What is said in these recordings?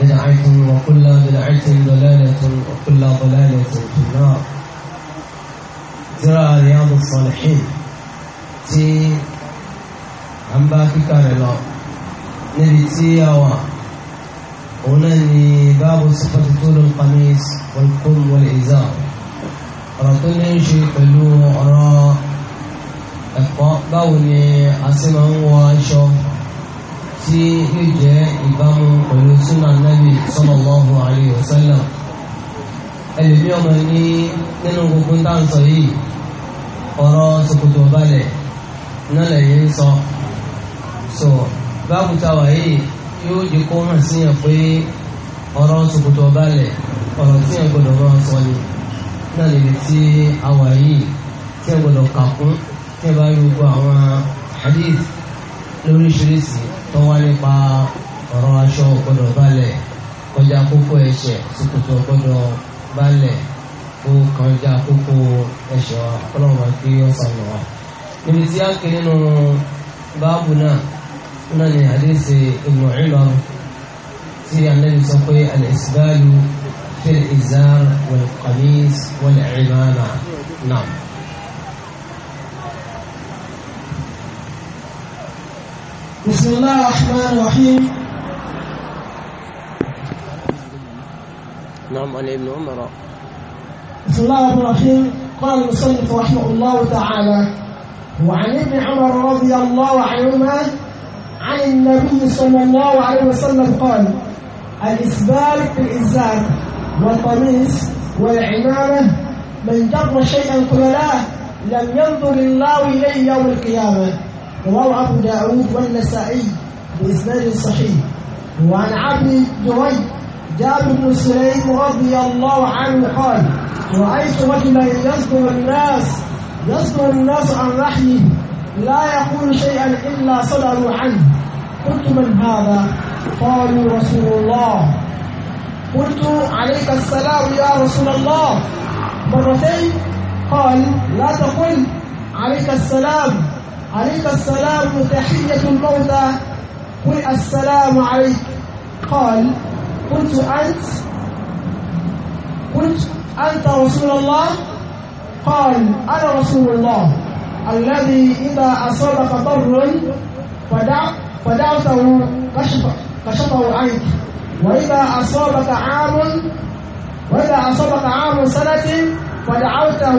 بدعة وكل بدعة ضلالة وكل ضلالة في النار ترى رياض الصالحين تي عم باكي كان نبي تي يوا ونني باب صفة طول القميص والكم والإزار رطلني شيء قلو أرى أقوى باوني أسمع وأشوف tí yóò jẹ́ ìbámu pẹ̀lú súnà nàbì sallallahu alaihi wasallam ẹlòmí ọmọ ní nínú gbogbo ń tàǹsọ yìí ọ̀rọ̀ ṣòkòtò balẹ̀ nílẹ̀ yìí ń sọ so báàbùtà wà yìí yóò di kó hàn síyàn pé ọ̀rọ̀ ṣòkòtò balẹ̀ ọ̀rọ̀ síyàn gbọdọ̀ máa sọ ni náà lè ti àwà yìí tí ẹ gbọdọ̀ kà kún tí ẹ bá yóò gbọ́ àwọn hadith lóríṣiríṣi tó wá nípa ọ̀rọ̀ aṣọ ọ̀gbọ́dọ̀ balẹ̀ kọjá kókó ẹsẹ̀ ṣòkòtò ọ̀gbọ́dọ̀ balẹ̀ ó kọjá kókó ẹsẹ̀ ọlọ́run kí ó sàmì wá. níbi tí a kì nínú báàbù náà náà ni àdéhìsì ìmọ̀ ìlọ tí Ànábì sọ pé al-isbalu fil izar wal qamis wal imama náà. بسم الله الرحمن الرحيم نعم علي بن عمر بسم الله الرحمن الرحيم قال المصنف رحمه الله تعالى وعن ابن عمر رضي الله عنهما عن النبي صلى الله عليه وسلم قال الإسبال في الإزار والقميص والعمامة من جر شيئا قبلاه لم ينظر الله إليه يوم القيامة رواه أبو داود والنسائي بإسناد صحيح وعن عبد جريج جابر بن سليم رضي الله عنه قال رأيت رجلا يصدر الناس يصدر الناس عن رحمه لا يقول شيئا إلا صدروا عنه قلت من هذا قالوا رسول الله قلت عليك السلام يا رسول الله مرتين قال لا تقل عليك السلام عليك السلام تحية الموتى قل السلام عليك قال قلت أنت قلت أنت رسول الله قال أنا رسول الله الذي إذا أصابك ضر فدع فدعته كشف كشفه عنك وإذا أصابك عام وإذا أصابك عام سنة فدعوته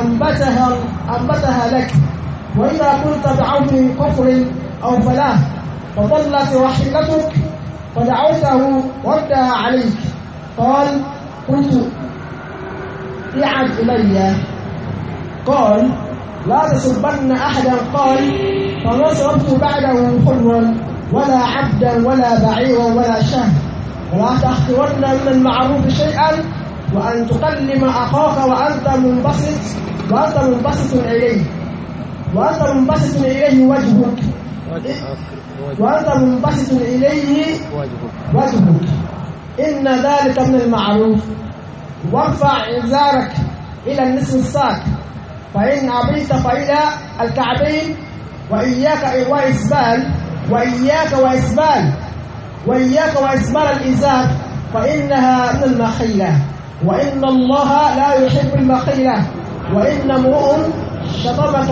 أنبتها أنبتها لك وإذا كنت دعوت كفر أو فلاح فضلت راحلتك فدعوته ردها عليك قال قلت اعد إلي قال لا تسبن أحدا قال فما صرفت بعده حرا ولا عبدا ولا بعيرا ولا شهر ولا تحقرن من المعروف شيئا وأن تكلم أخاك وأنت منبسط وأنت منبسط إليه وأنت منبسط إليه وجهك وأنت منبسط إليه وجهك إن ذلك من المعروف وارفع إزارك إلى النصف الساق فإن عبيت فإلى الكعبين وإياك وإسبال وإياك وإسبال وإياك وإسبال الإزار فإنها من المخيلة وإن الله لا يحب المخيلة وإن امرؤ شطبك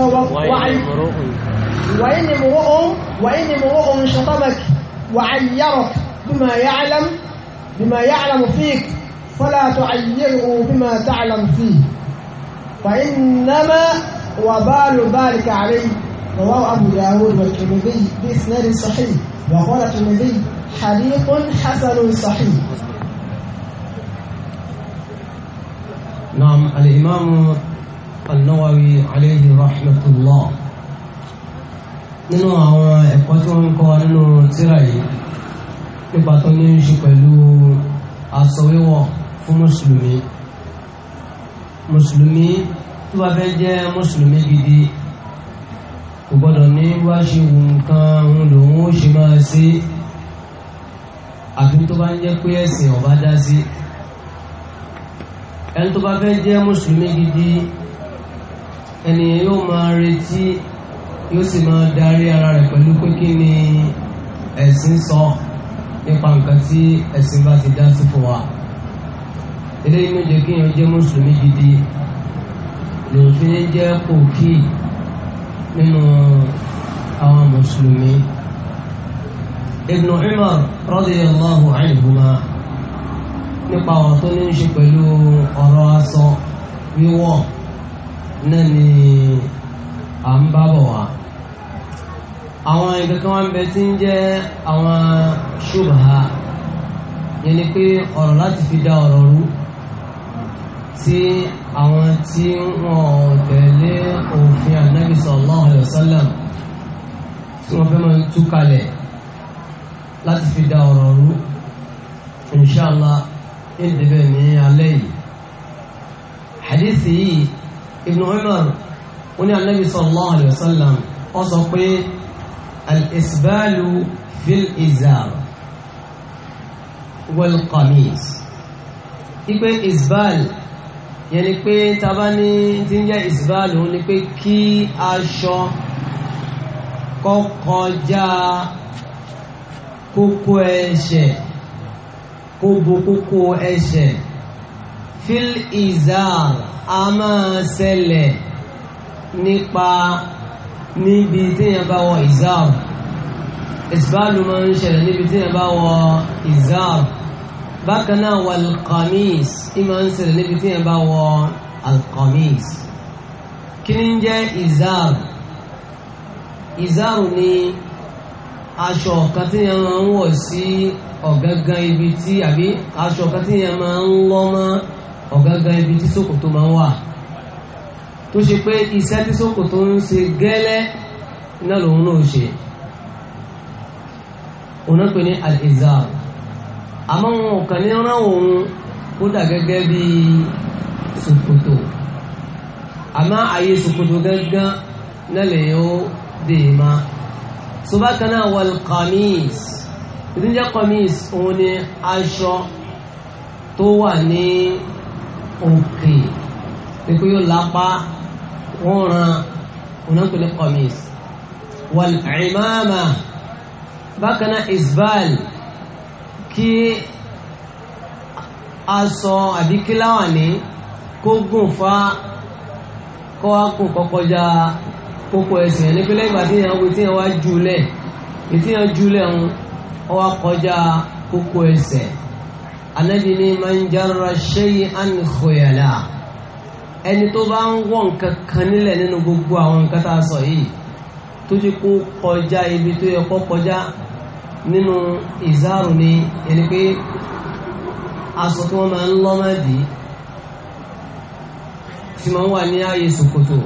وعن وإن امرؤ وإن امرؤ شطبك وعيرك بما يعلم بما يعلم فيك فلا تعيره بما تعلم فيه فإنما وبال ذلك عليه رواه أبو داود والترمذي بإسناد صحيح وقال الترمذي حديث حسن صحيح نعم الإمام an-Nawawi alayhi rahmatullah nínú àwọn ẹ̀kọ́ tí wọ́n ń kọ́ nínú tírà yìí nípa tó ní ṣe pẹ̀lú aṣọ wíwọ̀ fún mùsùlùmí mùsùlùmí tó bá fẹ́ jẹ́ mùsùlùmí gidi kò gbọ́dọ̀ ní wá ṣe wù nǹkan òun lòun ó ṣe máa ṣe àbí tó bá ń jẹ́ pé ẹ̀sìn ọ̀bá dá sí ẹni tó bá fẹ́ jẹ́ mùsùlùmí gidi ẹnìyẹn yóò máa retí yóò sì máa darí ara rẹ̀ pẹ̀lú pé kí ni ẹ̀sìn sọ nípa nǹkan tí ẹ̀sìn bá ti dá sí fún wa eléyìí ló jẹ́ kí èèyàn jẹ́ mùsùlùmí gidi lèèyàn fi ń jẹ́ pòkì nínú àwọn mùsùlùmí. Ibn Umar radiyallahu anhuma nípa ọ̀rọ̀ tó ní í ṣe pẹ̀lú ọ̀rọ̀ aṣọ wíwọ̀ náà ni à ń bá bọ̀ wá àwọn ìkankan wá ń bẹ tí ń jẹ́ àwọn ṣubha yẹn ni pé ọ̀rọ̀ láti fi dá ọ̀rọ̀ rú tí àwọn tí wọ́n tẹ̀lé òfin ànábì sallallahu alaihi tí wọ́n fẹ́ máa tú kalẹ̀ láti fi dá ọ̀rọ̀ rú inshallah ìdíbẹ̀ ní alẹ́ yìí hadithi yìí ibn Umar ó ní anabi sallallahu alayhi wa sallam ó sọ pé al-isbalu fil izar wal qamis ipe isbal yẹn ni pé tá bá ní tí ń jẹ́ isbal òun ni pé kí aṣọ kọkọjá kókó ẹsẹ̀ kó bo kókó ẹsẹ̀ fil izar a máa ṣẹlẹ̀ nípa níbi tí yẹn bá wọ izar ìsìbáàlù máa ń ṣẹlẹ̀ níbi tí yẹn bá wọ izar bákan náà wà alqamis ìmọ̀ ń ṣẹlẹ̀ níbi tí yẹn bá wọ alqamis kí ni jẹ́ izar izar ni aṣọ kan tí yẹn máa ń wọ̀ sí ọ̀gángan ibi tí àbí aṣọ kan tí yẹn máa ń lọ́ mọ́ ọ̀gángan ibi tí ṣòkòtò máa ń wà tó ṣe pé iṣẹ́ tí ṣòkòtò ń ṣe gẹ́lẹ́ iná lòun náà ṣe òun pè ní al-izar àmọ́ wọn ò kàn ní rán òun ó dà gẹ́gẹ́ bí ṣòkòtò àmọ́ àyè ṣòkòtò gángan náà lèyìn ó dè má ṣùgbọ́n náà wal qamis ìdíjẹ́ qamis òun ni aṣọ tó wà ní òkè pípé yóò lápá wọ́n ran onápele kọ̀mìs wal ìmáàmà bákan náà isbal kí aṣọ àbíkíláwà ní kó gùn fa kọ́ wá kùn kọkọjá kókó ẹsẹ̀ ní pé lẹ́gbàá tí ìyàwó tí ìyàwó jùlẹ̀ ìtìyàn jùlẹ̀ ń ọwá kọjá kókó ẹsẹ̀ anabi ni man jarra shay'an khuyala ẹni tó bá ń wọ nǹkan kan nílẹ̀ nínú gbogbo àwọn nǹkan tá a sọ yìí tó ti kó kọjá ibi tó yẹ kó kọjá nínú ìzáàrù ni ẹni pé aṣọ tí wọ́n máa ń lọ́ máa dì í tí máa ń wà ní ààyè ṣòkòtò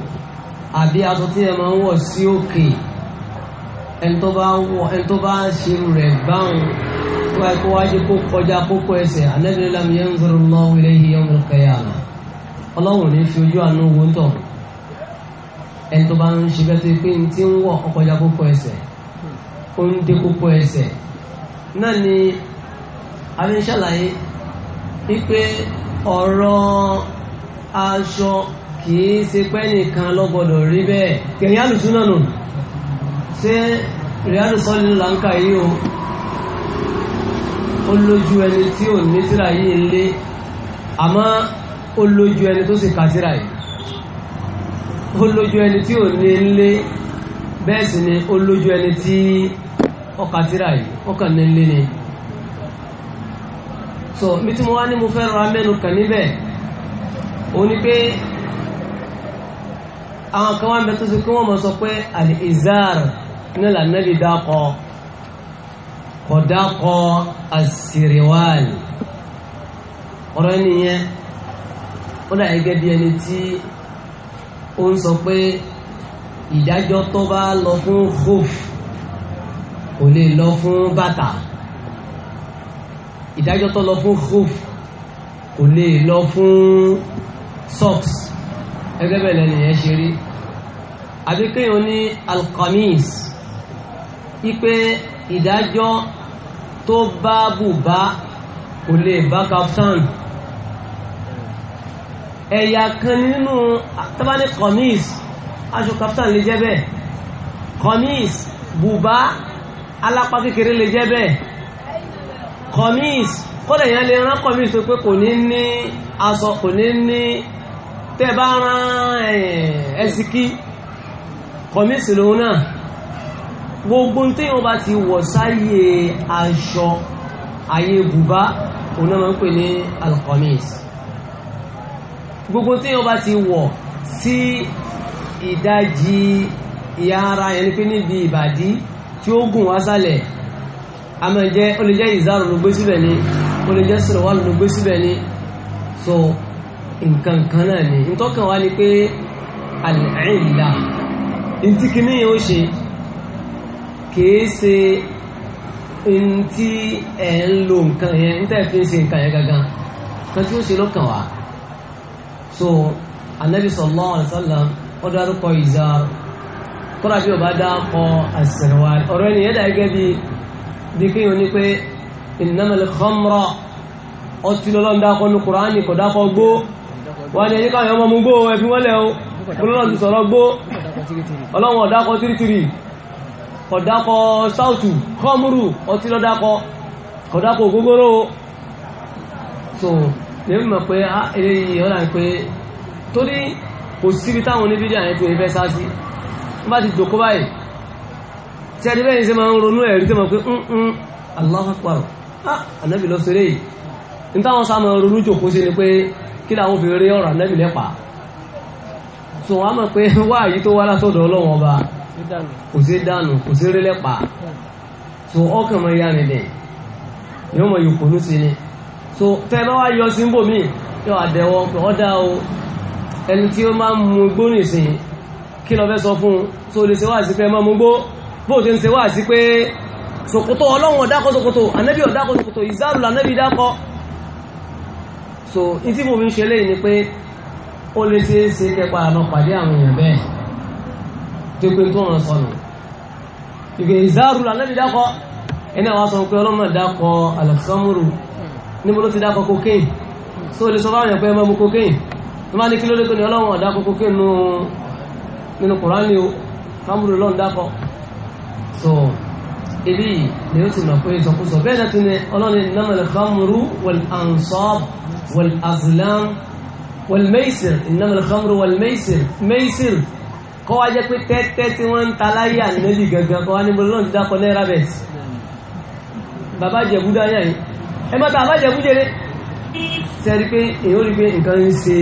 àbí aṣọ tí ẹ máa ń wọ̀ sí òkè ẹni tó bá ṣerú rẹ̀ báwọn wá kó wá ṣe kó kọjá kókó ẹsẹ̀ Ànábì lam yanzurullahu ilayhi yawmal qiyamah ọlọ́run ní fi ojú àánú wo tọ̀ ẹni tó bá ń ṣe bẹ́ẹ̀ tó pé ní tí ń wọ̀ ọkọjá kókó ẹsẹ̀ ó ń dé kókó ẹsẹ̀ náà ni abẹ́ ṣàlàyé wípé ọ̀rọ̀ aṣọ kìí ṣe pẹ́ nìkan lọ́gbọ́dọ̀ rí bẹ́ẹ̀ kẹ̀yìn àlùsùn nù ṣé rìálù sọ́ọ́lì ló là ó lójú ẹni tí ò ní tíra yìí lé àmọ́ ó lójú ẹni tó sì ka tíra yìí ó lójú ẹni tí ò ní lé bẹ́ẹ̀ sì ni ó lójú ẹni tí ó ka tíra yìí ó kàn ní lé ni so mi tí mo wá ní mo fẹ́ rọra mẹ́nu kàn níbẹ̀ òun ni pé àwọn kan wá ń bẹ tó ṣe kí wọ́n mọ̀ sọ pé àlè ìzáàrù nílànà lè dákọ̀ọ́ kọ̀dákọ̀ àṣìríwáàl ọ̀rọ̀ ẹniyẹn ó dà gẹ́gẹ́ bí ẹni tí ó ń sọ pé ìdájọ́ tó bá lọ fún khuf kò lè lọ fún bàtà ìdájọ́ tó lọ fún khuf kò lè lọ fún socks gẹ́gẹ́ bẹ́ẹ̀ lẹ́nìyẹn ṣe rí àbíkéyàn ní alkamis ipe ìdájọ́ tó bá bùbá kò lè bá kaftan ẹ̀yà kan nínú tábàní kọ̀mís aṣọ kaftan lè jẹ́ bẹ́ẹ̀ kọ̀mís bùbá alápá kékeré lè jẹ́ bẹ́ẹ̀ kọ̀mís kọ́lẹ̀ yẹn lè rán kọ̀mís tó pé kò ní ní aṣọ kò ní ní tẹ́ bá rán ẹ̀sìkí kọ̀mís lòun náà gbogbo tí wọ́n bá ti wọ̀ sáyé aṣọ ayé bùbá òun máa ń pè ní alkhamis gbogbo tí wọ́n bá ti wọ̀ sí ìdajì ìyá ara yẹn ni pé níbi ìbàdí tí ó gùn wá sálẹ̀ a ó lè jẹ́ ìzárò ló gbé síbẹ̀ ni ó lè jẹ́ sọ̀rọ̀ ló gbé síbẹ̀ ni so nǹkan kan náà ni ntọ́kàn wá ni pé àlẹ́ àìlá ntí yẹn ó ṣe kìí ṣe n tí ẹ̀ ń lo nǹkan yẹn níta ẹ̀ fi ń ṣe nǹkan yẹn gangan kan tí ó ṣe lọ́kàn wá so anabi sallallahu alaihi wasallam ó dárúkọ ìzáàrù kóra bí o bá dá kọ àṣìṣẹ́wà ọ̀rọ̀ ẹni yẹ́dà gẹ́gẹ́ bí bí kí o ní pé innamal khamra ọtí lọ́lọ́ ń dákọ́ ní kùránì kò dákọ́ gbó wà ní ẹ̀yíká àwọn ọmọ mú gbó ẹbí wọ́lẹ̀ o olóòtú sọ̀rọ̀ gbó ọlọ́wọ̀n dákọ́ tìrìtìrì kọ̀dákọ̀ sáùtù kọmúrù ọtí lọ́dákọ̀ kọ̀dákọ̀ ògógóró so lè mọ̀ pé eléyìí ọ̀là ń pé torí kò síbi táwọn oníbídí àyẹ̀ tó ẹfẹ́ sá sí wọ́n bá ti jòkó báyìí tí a ti bẹ́ẹ̀ ní sẹ́ máa ń ronú ẹ̀rí ah ànábì lọ sẹ́rẹ̀ yìí ní táwọn sá máa ronú jòkó sí ni pé kí làwọn fi rí ọ̀rọ̀ so wọ́n á mọ̀ pé wáàyí tó wá kò sí dànù kò sí rélẹ̀ pa so ọkàn máa yá ni dẹ̀ yóò mọ̀ yòókù ní sí ni so tẹ́ bá wá yọ sí bòmí yóò àdẹ̀wọ́ ọ̀dà o ẹni tí ó máa ń mu gbó nìsín kí lọ fẹ́ sọ fún un tó lè ṣe wá sí pé máa mu gbó bó ṣe ń ṣe wá sí pé ṣòkòtò ọlọ́run ọ̀dákọ̀ ṣòkòtò ànẹ́bí ọ̀dákọ̀ ṣòkòtò ìzárùlà ànẹ́bí dákọ̀ so ìtí mo fi ń ṣe léyìn ni pé ó lè ṣe é ṣe kẹpa àlọ́ pàdé àwọn èèyàn bẹ́ẹ̀ tó pé tó wọn sọnù ìgbè ìzáàrù lànàbí dákọ ẹni àwọn sọ pé ọlọ́mọ dákọ alẹ́sọ́mùrù níbo ló ti dákọ cocaine so olè sọ bá wọn pé ẹ máa mú cocaine tó bá ní kí lóde kò ní ọlọ́wọ́n dákọ cocaine nínú kùránì o fámúrù lọ́n dákọ so ibi ni ó ti mọ̀ pé ìsọkúsọ bẹ́ẹ̀ náà ti ní ọlọ́ni nàmàlẹ̀ fámúrù wal ansab wal azlam wal maisir nàmàlẹ̀ fámúrù wal maisir maisir kọ́ wá jẹ́ pé tẹ́tẹ́ tí wọ́n ń ta láyé ànínẹ́lì gangan kọ́ wá níbo lọ́n ti dákọ̀ náírà bẹ̀ bàbá jẹ̀bú dáyà yìí ẹ mọ́ta bàbá jẹ̀bú jẹ́rẹ́ sẹ́rí pé èyí ó rí pé nǹkan ń ṣe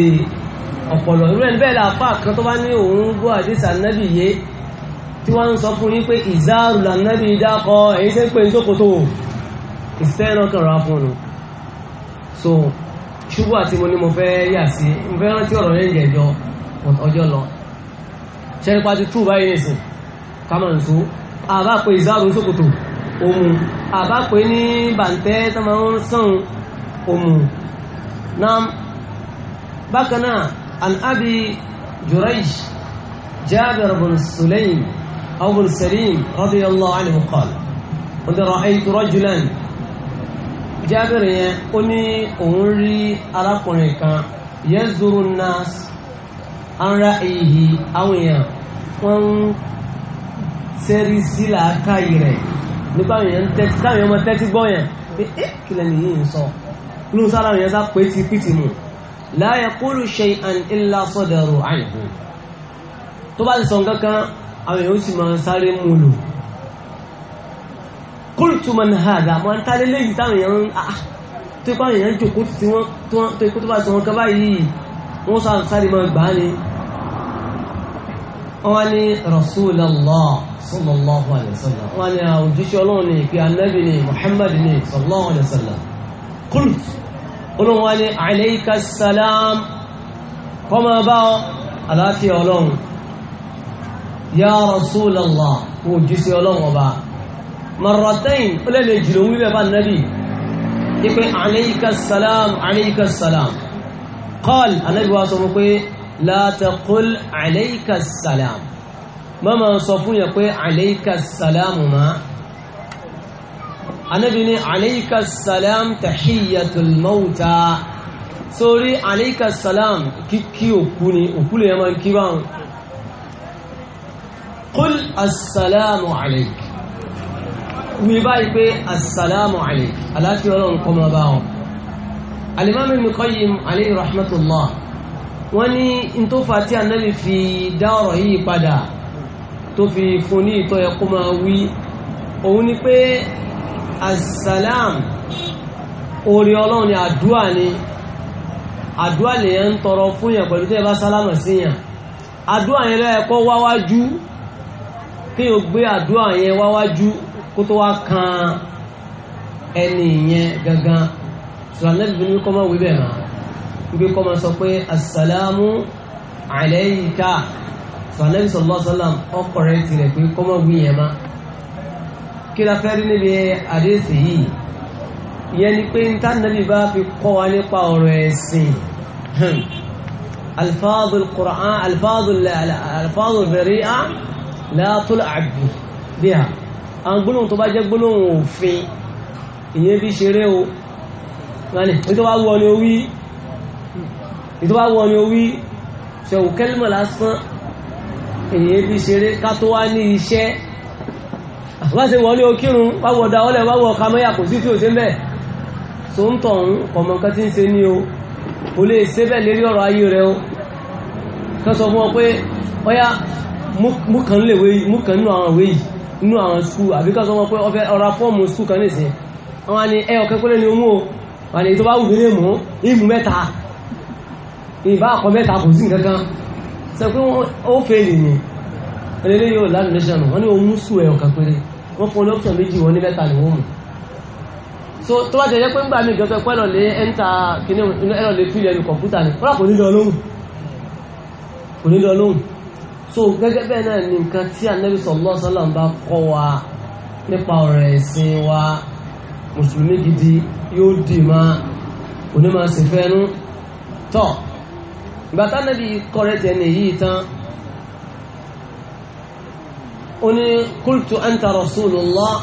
ọ̀pọ̀lọ̀ irú ẹni bẹ́ẹ̀ làpá kan tó bá ní òun gbọ́ àdísà nábì yé tí wọ́n ń sọ fún yín pé ìzáàrù lànàbì dákọ̀ èyí ṣe ń pè ní sókòtò ìfẹ́ràn kan rà fún un so ṣùgbọ́n àti mo ní mo fẹ́ yà sí mo fẹ́ ọjọ́ lọ ṣẹ́rípa ti tú báyìí nìsìn kàmọ̀nsó àbá pé ìzáàrù sókòtò òmù àbá pé ní bàǹtẹ́ tó máa ń sàn òmù náà bákan náà an abi juraish jabir bin sulaim aw bin salim radiyallahu anhu qala qad ra'aytu rajulan jabir yẹn ó ní òun rí arákùnrin kan yazuru nas ara èyí àwọn èèyàn wọ́n ń sẹ́rí sí làákàyè rẹ̀ nípa àwọn èèyàn tẹ́tí táwọn èèyàn máa tẹ́tí gbọ́ yẹn pé é kí lẹ́nu yìí ń sọ ló ń sára èèyàn sá pé ti pìtì mu la yaqulu shay'an illa sadaru anhu tó bá ti sọ nǹkan àwọn èèyàn ó sì máa sáré mú lò qultu man hadha máa ń tálé léyìí táwọn èèyàn ń ah, ah, tó ipá èèyàn jòkó tí wọ́n tó ikú tó bá ti sọ wọn kan báyìí wọ́n sáré máa gbà á ni wọ́n ní rasulallah sallallahu alayhi wa sallam wọ́n ní àwùjọ́sí ah, ọlọ́run ní ìpè anabi ní muhammad ní sallallahu alayhi wa sallam kult olóhùn wọ́n ní alayka salam kọ́mọ bá aláfíà ọlọ́run ya rasulallah òjúsí ọlọ́run ọba marratain ó lè lè jùlọ wíwẹ̀ bá nabi ipe alayka salam alayka salam qal anabi wa sọ fún pé la taqul alayka salam má ma sọ fún yẹn pé alayka salam ma anabi ni alayka salam tahiyyatul mawta sórí alayka salam kíkí òkú ni òkú lè máa kí báwọn qul assalamu alayk wí báyìí pé assalamu alayk aláàfin ọlọ́run kọ́ máa báwọn alimami Ibn alayhi rahmatullah wọ́n ní n tó fa tí anábì fi dá ọ̀rọ̀ yìí padà tó fi fún ní ìtọ́ ẹkú máa wí òun ni pé assalam orí ọlọ́run ni àdúà ni àdúà lèyàn ń tọrọ fún yàn pẹ̀lú tó yẹ bá sálámà sí yàn àdúà yẹn lẹ́ẹ̀kọ́ wáwájú kí o gbé àdúà yẹn wáwájú kó tó wá kan ẹni yẹn gangan sùlánẹ́bì ní kọ́mọ̀ wíbẹ̀ náà ibi kọ́ máa sọ pé asàlámù àlẹ́yìíká sọ̀nẹ́bí sọ̀lọ́ sọ́làm ọkọ̀rẹ́ ti rẹ̀ pé kọ́ máa wí yẹn má kí la fẹ́ rí níbi àdéhùn yìí ìyẹn ni pé níta nàbí bá fi kọ́ wa nípa ọ̀rọ̀ ẹ̀sìn hmm. alfáàdùl Qur'an alfáàdùl bẹ̀rẹ̀ látúlù àbù bí a àwọn gbólóhùn tó bá jẹ́ gbólóhùn òfin ìyẹn bí ṣeré o wọ́n ní tó bá ni ó wí ìtọ́wà wọ́n ni ó wí ṣẹ̀wù kẹ́lìmọ̀ lásán èyí bí ṣeré ká tó wá ní iṣẹ́ wá sí wọ́n ní ó kírun wáwọ̀ ọ̀dà ọlẹ̀ wáwọ̀ ọ̀ka mẹ́yà kò sí tí ò sí mẹ́ tó ń tọ̀hún ọmọ nǹkan tí ń ṣe ní o kò lè ṣe bẹ́ẹ̀ lérí ọ̀rọ̀ ayé rẹ o kán sọ mẹ́ta ìbá akọ mẹ́ta kò sí nǹkan kan sọ pé ó fèlè ni eléyìí yóò lánàá lẹ́sàn wọn ni òun mú sùn ẹ̀yọ̀ kan péré wọ́n fún olóòtú méjì wọn ní mẹ́ta ni wọ́n mú so tó bá jẹ́ pé ń gbà mí gẹ́gẹ́ pẹ́ lọ lé ẹ́ńtà kíní ẹ̀rọ lè fílẹ̀ ní kọ̀ǹpútà ni wọ́n kò ní lọ lóhùn kò ní lọ lóhùn so gẹ́gẹ́ bẹ́ẹ̀ náà ni nǹkan tí anabi sallallahu alaihi wasallam bá kọ́ wa nípa ọ̀rọ̀ ẹ̀sìn wa mùsùlùmí gidi ìgbàtà nàbí kọ́rẹ́tẹ̀ ní yìí tán ó ní qultu anta rasulullah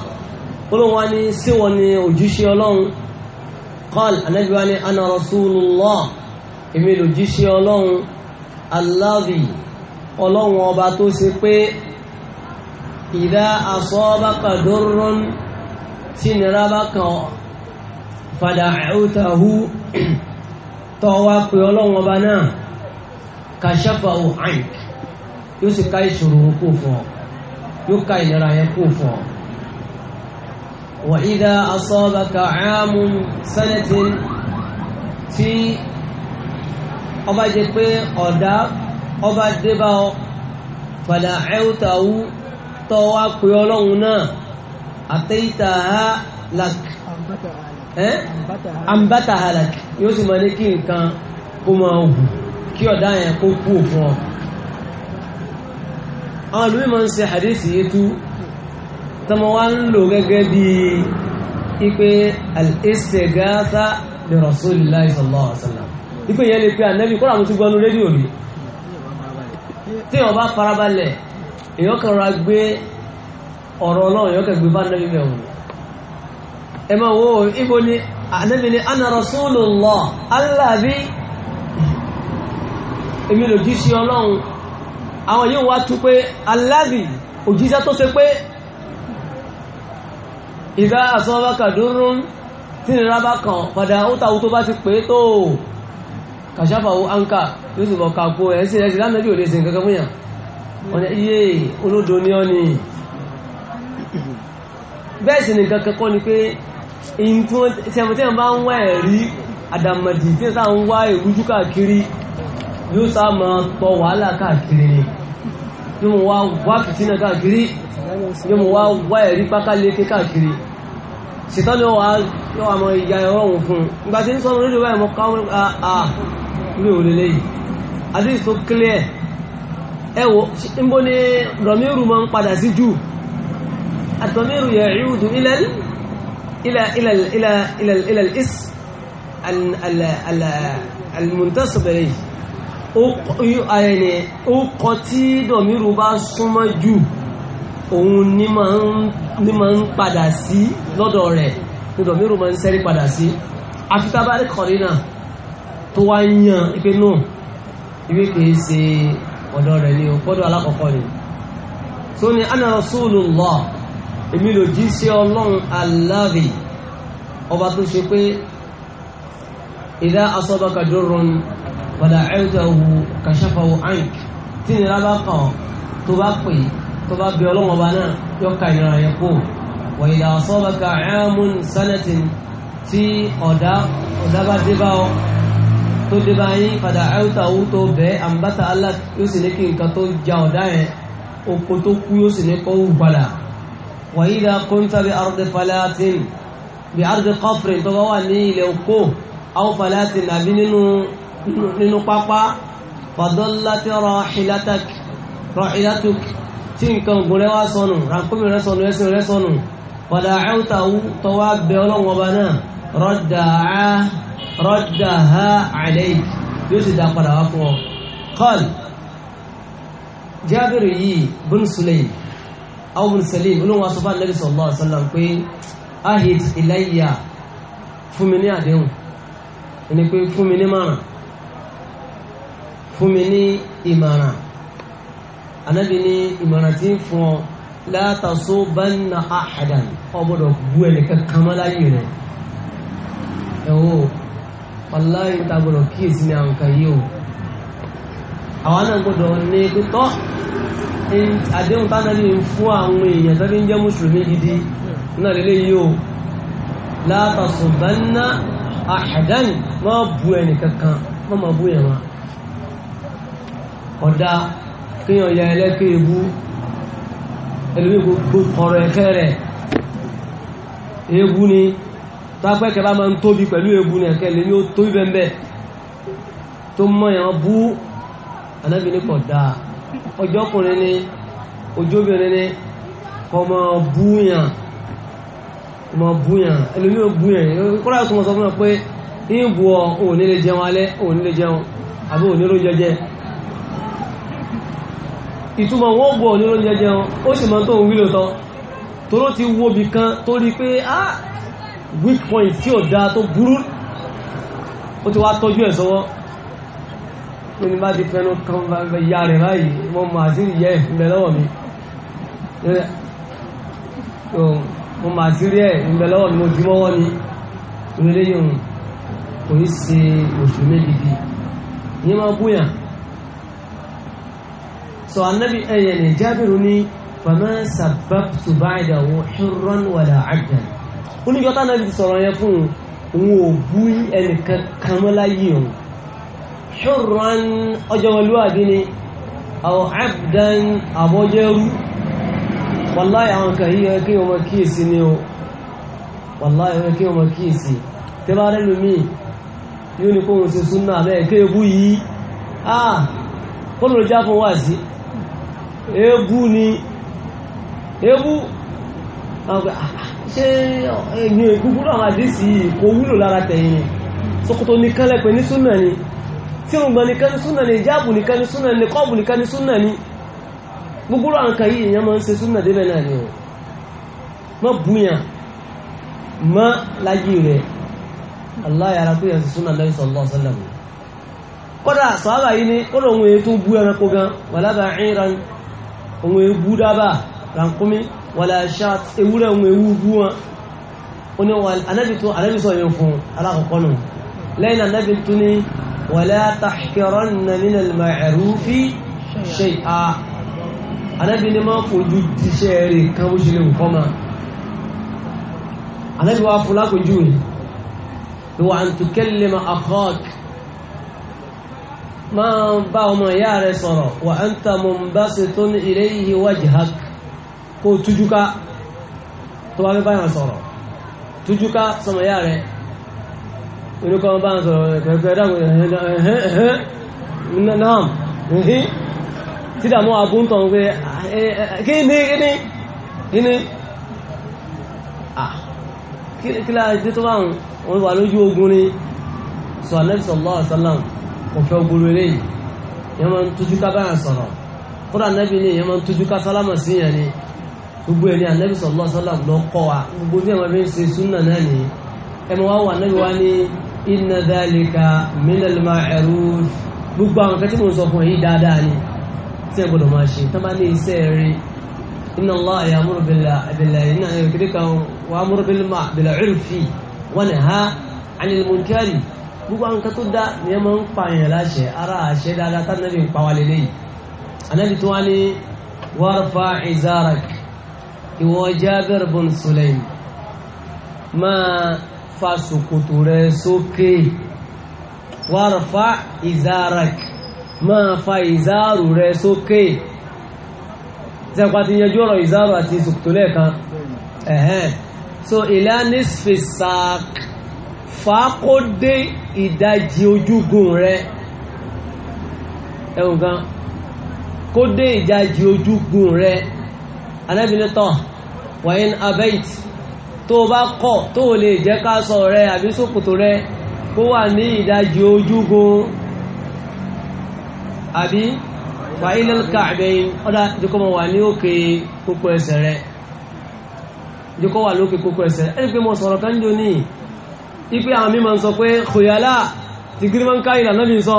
olóhùn wa ní sí wọn ní òjíṣẹ́ ọlọ́run qal anábì wa ní ana rasulullah èmi lòjíṣẹ́ ọlọ́run alladhi ọlọ́run ọba tó ṣe pé ìdá asabaka durrun tí nira bá kàn fada'utahu tọ́wá pé ọlọ́run ọba náà kàṣàfà ò hàn yóò sì ká ìṣòro wọn kó fún ọ yóò ká ìlera yẹn kó fún ọ. wà ìdá asọ́bàkà àmú sẹ́nẹ́tì tí ọba jẹ pé ọ̀dá ọba dé bá ọ padà ẹ̀wùtà tọ́ wá pé ọlọ́run náà àtẹ́yìtà ha lak ẹ́ àmbátà ha lak yóò sì máa ní kí nǹkan kó máa hù. kí ọ̀dá yẹn kó kú òfin ọ àwọn olùmí ma ń ṣe àdísì yétú tọmọ wá ń lò gẹ́gẹ́ bí ipe al-istighatha bi rasulillahi sallallahu alaihi wasallam ipe yẹn lè ànẹ́bí rédíò rí tí wọ́n bá farabalẹ̀ ẹ máa wo ibo ni ànẹ́bí ni ana èmi lòdì sí ọlọ́run àwọn yóò wá tú pé aláàbì òjíṣẹ́ tó ṣe pé ìdá àsọ́bákà dúnrún tí nira bá kàn padà ó tàwù tó bá ti pé tó kàṣáfàwò áńkà yóò sì bọ̀ kàgbó ẹ̀sìn ẹ̀sìn lánàbí ò lè sìn kankan múyàn wọ́n ni iye olódo ní ọ́ ni bẹ́ẹ̀ sì nìkan kankan ni pé tí ẹ̀mọ̀tí ẹ̀ bá ń wá ẹ̀rí àdàmọ̀dì tí ẹ̀ sáà ń wá ìrújú káàkiri yóò sá máa tọ wàhálà káàkiri ni yóò mú wá wá fìtínà káàkiri yóò mú wá wá ẹ̀rí pákáleke káàkiri ṣètọ́ni wà yóò àmọ́ ìyá ẹ̀rọ òun fún un nígbà tí ń sọ́nà lórí ìwà ìmọ̀ káwọn àà mi ò lélẹ̀ yìí àdéhùn tó clear ẹ wo níbo ni rọmírù máa ń padà sí jù ó kọ tí dọ̀míru bá súnmọ́ jù òun ní máa ń padà sí lọ́dọ̀ rẹ̀ ní dọ̀míru máa ń sẹ́rí padà sí afitabari kọ̀rínà tó wá ń yan ipe náà ibi kìí ṣe ọ̀dọ̀ rẹ̀ ní ọ̀pọ̀dọ̀ alákọ̀ọ́kọ́ ni tó ní ana rasulullah èmi lò jí sí ọlọ́run aláàbì ọba tó ṣe pé ìdá asọ́bàkàdúrún wàlà ẹ̀ẹ́dẹ̀wò kàṣàfàwò ànk tí ìnira bá kàn tó bá pè tó bá bẹ ọlọ́wọ́n bá náà yọ ka ìran yẹn kó wàyí là sọ́ba ka ẹ̀ẹ́mún sánẹ́tì tí ọ̀dá ọ̀dá bá dé bá ọ tó dé bá yín padà ẹ̀ẹ́dẹ̀wò tó bẹ́ẹ̀ àmbàtà Allah yóò sì ní kí nǹkan tó ja ọ̀dá yẹn oko tó kú yóò sì ní kọ́ wù padà wàyí là kóńtà bí ardi falatin bí ardi kọ́fìrì tó bá wà ní ilẹ̀ oko àwọn falatin àbí nínú nínú pápá fàdọ́láti rahilatuk tí nǹkan ògùn rẹ wá sọnù ràǹkómi rẹ sọnù ẹsìn rẹ sọnù padà àwùtàwù tọwọ́ abẹ ọlọ́wọ́ ọba náà rọ́dà ha àlẹ́yìn yóò sì dá padà wá fún ọ. kọ́l jábìrì yìí bùn sùlẹ̀yìn àwọn bùn sẹ́lẹ̀yìn olóhùn wa sọ ahid ilayya fún mi ní àdéhùn ẹni pé fún mi ní márùn fún mi ní ìmọ̀ràn anábì ní ìmọ̀ràn tí ń fún ọ látàṣó bá ń na àhàdàn ọgbọ́dọ̀ bú ẹnìkan kamaláyé rẹ̀ ẹ̀wọ́ wàláyé ta gbọ́dọ̀ kíyèsí ní àwọn kan yìí o àwọn náà gbọ́dọ̀ ní pípọ́ àdéhùn tánàbí ń fún àwọn èèyàn tó fi ń jẹ́ mùsùlùmí gidi náà lélẹ́ yìí o látàṣó bá ń na àhàdàn má bú ẹnìkan kan má bú ẹ̀wọ̀n ọ̀dá kíyàn ya ẹlẹ́kẹ́ ebú ẹlẹ́gbẹ́ gbogbo ọ̀rọ̀ ẹ̀kẹ́ rẹ̀ ebú ni tápẹ́kẹ́ bá máa ń tóbi pẹ̀lú ebú ni ẹ̀kẹ́ lè ní ó tóbi bẹ́ẹ̀ tó mọ́ yàn bú anábì ní kọ̀dá ọjọ́kùnrin ni ojóbìnrin ni kọ́ máa bú yàn máa bú yàn ẹlẹ́gbẹ́ bú yàn kọ́lá ìtumọ̀ sọ fún pé ìbù òní lè jẹun alẹ́ òní lè jẹun àbí òní ló jẹjẹ ìtumọ̀ wọ́n gbọ́ ní oúnjẹ jẹun ó sì mọ́ tó ń wílò tán tó ti wo bì kan tó rí pé á ah, weak point tí ò dáa tó burú ó ti wá tọ́jú ẹ̀ sọ́wọ́ ní ní bá ti fẹ́nu kan bẹ ya rẹ̀ báyìí mo mà sí ìyẹ́ ìfúnbẹ̀ lọ́wọ́ mi mo mà sí rí ẹ̀ ìfúnbẹ̀ lọ́wọ́ mi mo ti mọ́wọ́ ni ìrẹ́lẹ́yìn kò ní ṣe òṣèlú méjì bí máa bóyàn so anabi ẹ̀yẹ̀ni jábìrù ní fama sababtu báyìdáwó hurran wàlá abdan oníjọta náà ti sọ̀rọ̀ yẹn fún òun ò bú ẹnìkan kamọ́lá yìí òun hurran ọjọ́ wọlúwàbí ni àwọn abdan àbọ́jẹ́rú wàláyé àwọn kan yíyọ kí wọ́n mọ kíyèsí ni o wàláyé kí wọ́n mọ kíyèsí tẹ́bá rẹ̀ lómi yóò ní kóhun ṣe súnà abẹ́ ẹ̀kẹ́ ebú yìí ah kó lóòjá fún wá sí ebu ni egwu ṣe ẹ̀yìn ìgbúgbúrú àwọn àdísì kò wúlò lára tẹ̀yìn ṣòkòtò nìkan lẹ́pẹ̀ ní súnà ni tí ó gbọ́n nìkan ní súnà ni ìjáàbù nìkan ní súnà ni kọ́ọ̀bù nìkan ní súnà ni gbogbo àwọn yìí èèyàn máa ń ṣe súnà débẹ̀ náà ni o mọ́ búyàn mọ́ láyé rẹ̀ aláyàrá pé yẹn súnà lẹ́yìn sallallahu alaihi wasallam ni òun èyí tó bú ẹranko gan wàlábà ohun ewu dábà rankumi wàlá ṣáàt ewúrẹ́ ohun ewu bú wọn ó ní anábì tó anábì sọ yẹn fún alákọ̀ọ́kọ́ nù lẹ́yìn anábì tó ní wàlá tahqiranna minal ma'rufi shay'a anábì ní máa fojú tíṣẹ́ rẹ̀ kan bó ṣe lè kọ́ ma anábì wá fún lápòjú máa bá ọmọ ìyá rẹ̀ sọ̀rọ̀ wa anta munbasitun ilayhi wajhak kó tújúká tó bá fẹ́ báyàn sọ̀rọ̀ tújúká sọmọ ìyá rẹ̀ orúkọ bá ń sọ̀rọ̀ ẹ̀kẹ́kẹ́ dáhùn ẹ̀hẹ́n náà tí dàmú àbúntàn pé kí ni kí ni kí ni kí láti tó bá wọn wà lójú ogun ni sọ alẹ́sọ̀lọ́ àsálàmù kò fẹ́ gbúrú eléyìí yẹn máa ń tójú ká báyà sọ̀rọ̀ kódà anábì ni yẹn máa ń tójú ká sálámà sí yẹn ni gbogbo ẹni anábì sallallahu alaihi wasallam lọ kọ́ wa gbogbo tí ẹ̀ máa fi ń ṣe súnà náà nìyí ẹ̀ máa wá wà anábì wa ní inna dhalika minal ma'ruf gbogbo àwọn kẹ́tí mò ń sọ fún yìí dáadáa ni tí ẹ gbọ́dọ̀ máa ṣe tán ní iṣẹ́ rí inna Allah ya'muru bil 'urfi wa yanha 'anil munkari gbogbo àwọn nǹkan tó dá ni ẹ máa ń pa èèyàn láṣẹ ara àṣẹ dáadáa tánàbí ń pa wá lélẹ́yìn anábì tó wá ní wàrfà ìzárak ìwọ Jabir bin Sulaim máa fa ṣòkòtò rẹ sókè wàrfà ìzárak máa fa ìzáàrù rẹ sókè tí a pa ti yanjú ọ̀rọ̀ ìzáàrù àti ṣòkòtò lẹ́ẹ̀kan ẹ̀hẹ́n so ìlà nisfi fàákó dé ìdajì ojúgun rẹ ẹ̀wùn kan kó dé ìdajì ojúgun rẹ anábìnitọ́ wàyín abẹ́ìt tó bá kọ̀ tó lè jẹ́ ká sọ rẹ àbí sókòtò rẹ kó wà ní ìdajì ojúgun àbí fàílẹ̀ káàbẹ̀yìn ọ̀dá jùkọ́ mọ̀ wà ní òkè kókó ẹsẹ̀ rẹ jùkọ́ wà lókè kókó ẹsẹ̀ ẹni pé mo sọ̀rọ̀ kan ipe àwọn mímọ̀ ń sọ pé kòyàlá ti gírímọ̀ ń káyìí lànà bí ń sọ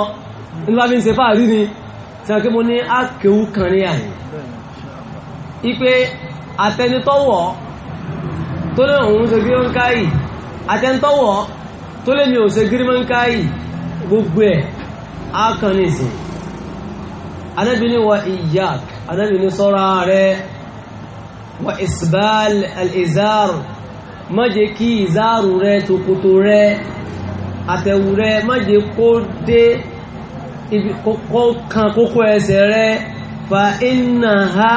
nígbà bí ń ṣe fáàrí ni tí a kí mo ní ákèwú kan ní àyè ipe àtẹnitọ́wọ̀ tó lé òun ṣe gírímọ̀ ń káyìí àtẹnitọ́wọ̀ tó lé mi ò ṣe gírímọ̀ ń káyìí gbogbo ẹ̀ á ní ìsìn anábì ní wa iyak anábì ní sọ́ra rẹ̀ wa isbal al má jẹ́ kí ìzáàrù rẹ tòkòtò rẹ àtẹ̀wù rẹ má jẹ́ kó dé ibi kókó kan kókó ẹsẹ̀ rẹ fa iná ha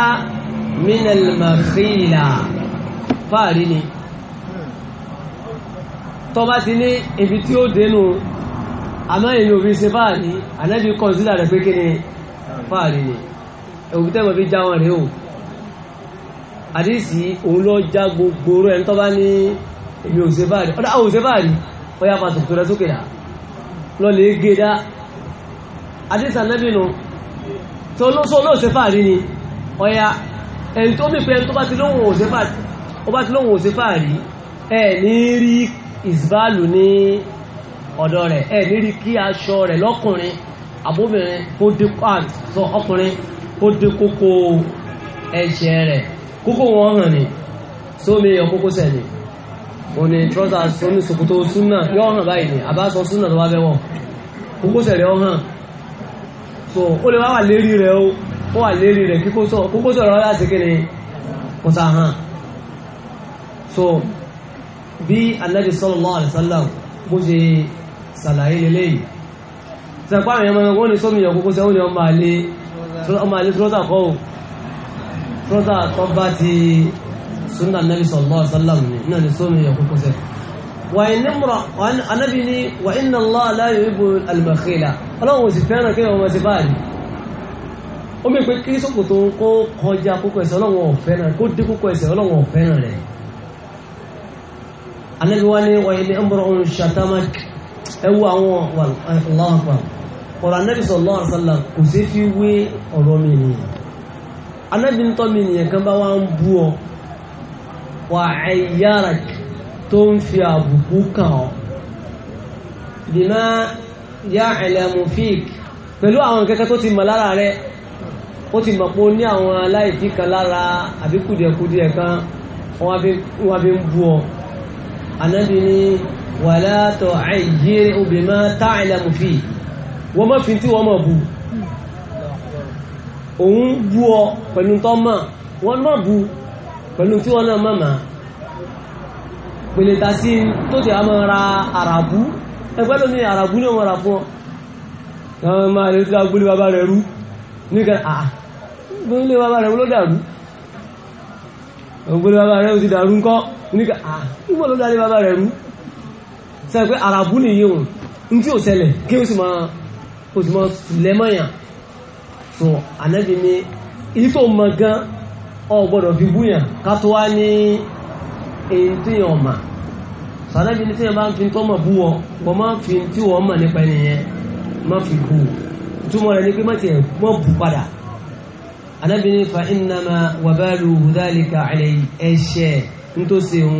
minal fáàrí ni tó ti ní ibi tí ó dénú àmọ́ èyí òfin ṣe fáàrí ànábi kọ̀nsílà rẹ̀ pé kí ni fáàrí ni òfin tẹ́gbọ̀n fi já wọn rèé o àdísì òun lọ já gbogbo rẹ̀ ń tọ́bá ní èmi òsèbáàrí ọ̀dá òsèbáàrí ọya pàṣẹ tó rẹ sókè dá lọ lè gé e dá àdísì anábìnú tó lóṣó olóòsèfáàrí ni ọya ẹni tó mìpẹ́ ẹni tó bá ti lóhun òsèfáàrí ẹ ní rí ìsbálù ní ọ̀dọ̀ rẹ̀ ẹ ní rí kí aṣọ rẹ̀ lọ́kùnrin àbóbìnrin kó dé ah, ọkùnrin kó dé kókó ẹ̀ṣẹ̀ rẹ̀ kókó wọn hàn ní sómi èèyàn kókó sẹ̀ ní òní trọ́sà sóní sòkòtò súnà yọ hàn báyìí ní àbáṣọ súnà tó bá fẹ́ wọ̀ kókó sẹ̀ rẹ̀ hàn so ó lè wá wà lérí rẹ̀ ó ó wà lérí rẹ̀ kókó sẹ̀ rẹ̀ láti kí ni kò sá hàn so bí Ànábì sallallahu alaihi wasallam bó ṣe ṣàlàyé lélẹ́yìí sẹ́pá àwọn èèyàn mọ́ ní sómi èèyàn kókó sẹ́ ó ní ọmọ àlè trọ́sà brọ́dà tó bá ti sunna nabi sallallahu alaihi wasallam ni náà ni sómi yẹ kókó sẹ wà ní múra anábì ni wà inna Allah la yuhibbu al-bakhila ọlọ́run òsì fẹ́ràn kí ọmọ ti báyìí ó mẹ́ pé kí sókòtò kó kọjá kókó ẹsẹ̀ ọlọ́run ò fẹ́ràn kó dé kókó ẹsẹ̀ ọlọ́run ò fẹ́ràn rẹ̀ anábì anábì ń tọ́mi nìyẹn kan bá wá ń bú ọ wà ẹ̀yára tó ń fi àbùkù kàn ọ́ bìmá yá ẹ̀lẹ́mù fíìk pẹ̀lú àwọn kẹ́kẹ́ tó ti mọ̀ lára rẹ ó ti mọ̀ pé ó ní àwọn aláìsí kan lára àbí kùdìẹ̀kùdìẹ̀ kan wọ́n fi ń bú ọ anábì ní wàlá tọ̀ àìyé obìnrin tá ẹ̀lẹ́mù wọ́n mọ̀ fi tí wọ́n mọ̀ bù òun bú ọ pẹ̀lú tó mọ̀ wọ́n náà bú pẹ̀lú tí wọ́n náà mọ̀ mà pèlèta sí tó ti àmọ́ ra àràbú ẹgbẹ́ lómi àràbú ní ọmọ rà fún ọ ọmọ máa lè tí a gbólé bàbá rẹ̀ rú nígbà àà gbólé bàbá rẹ̀ ló dàrú gbólé bàbá rẹ̀ ti dàrú ńkọ́ nígbà rú ní tí ò so ànábì ni èyí tó mọ gan ọ gbọ́dọ̀ fi búyàn ká tó wá ní èyí tó yàn mà so ànábì ni tí yàn bá ń fi tó mọ̀ bú wọn wọ́n máa ń fi tí wọ́n mọ̀ nípa ẹni yẹn fi bú ìtumọ̀ rẹ̀ ni pé má ti ẹ̀ mọ́ bú padà ànábì ni fa innama wabalu dhalika alayhi ẹ̀ṣẹ̀ nítòsí òun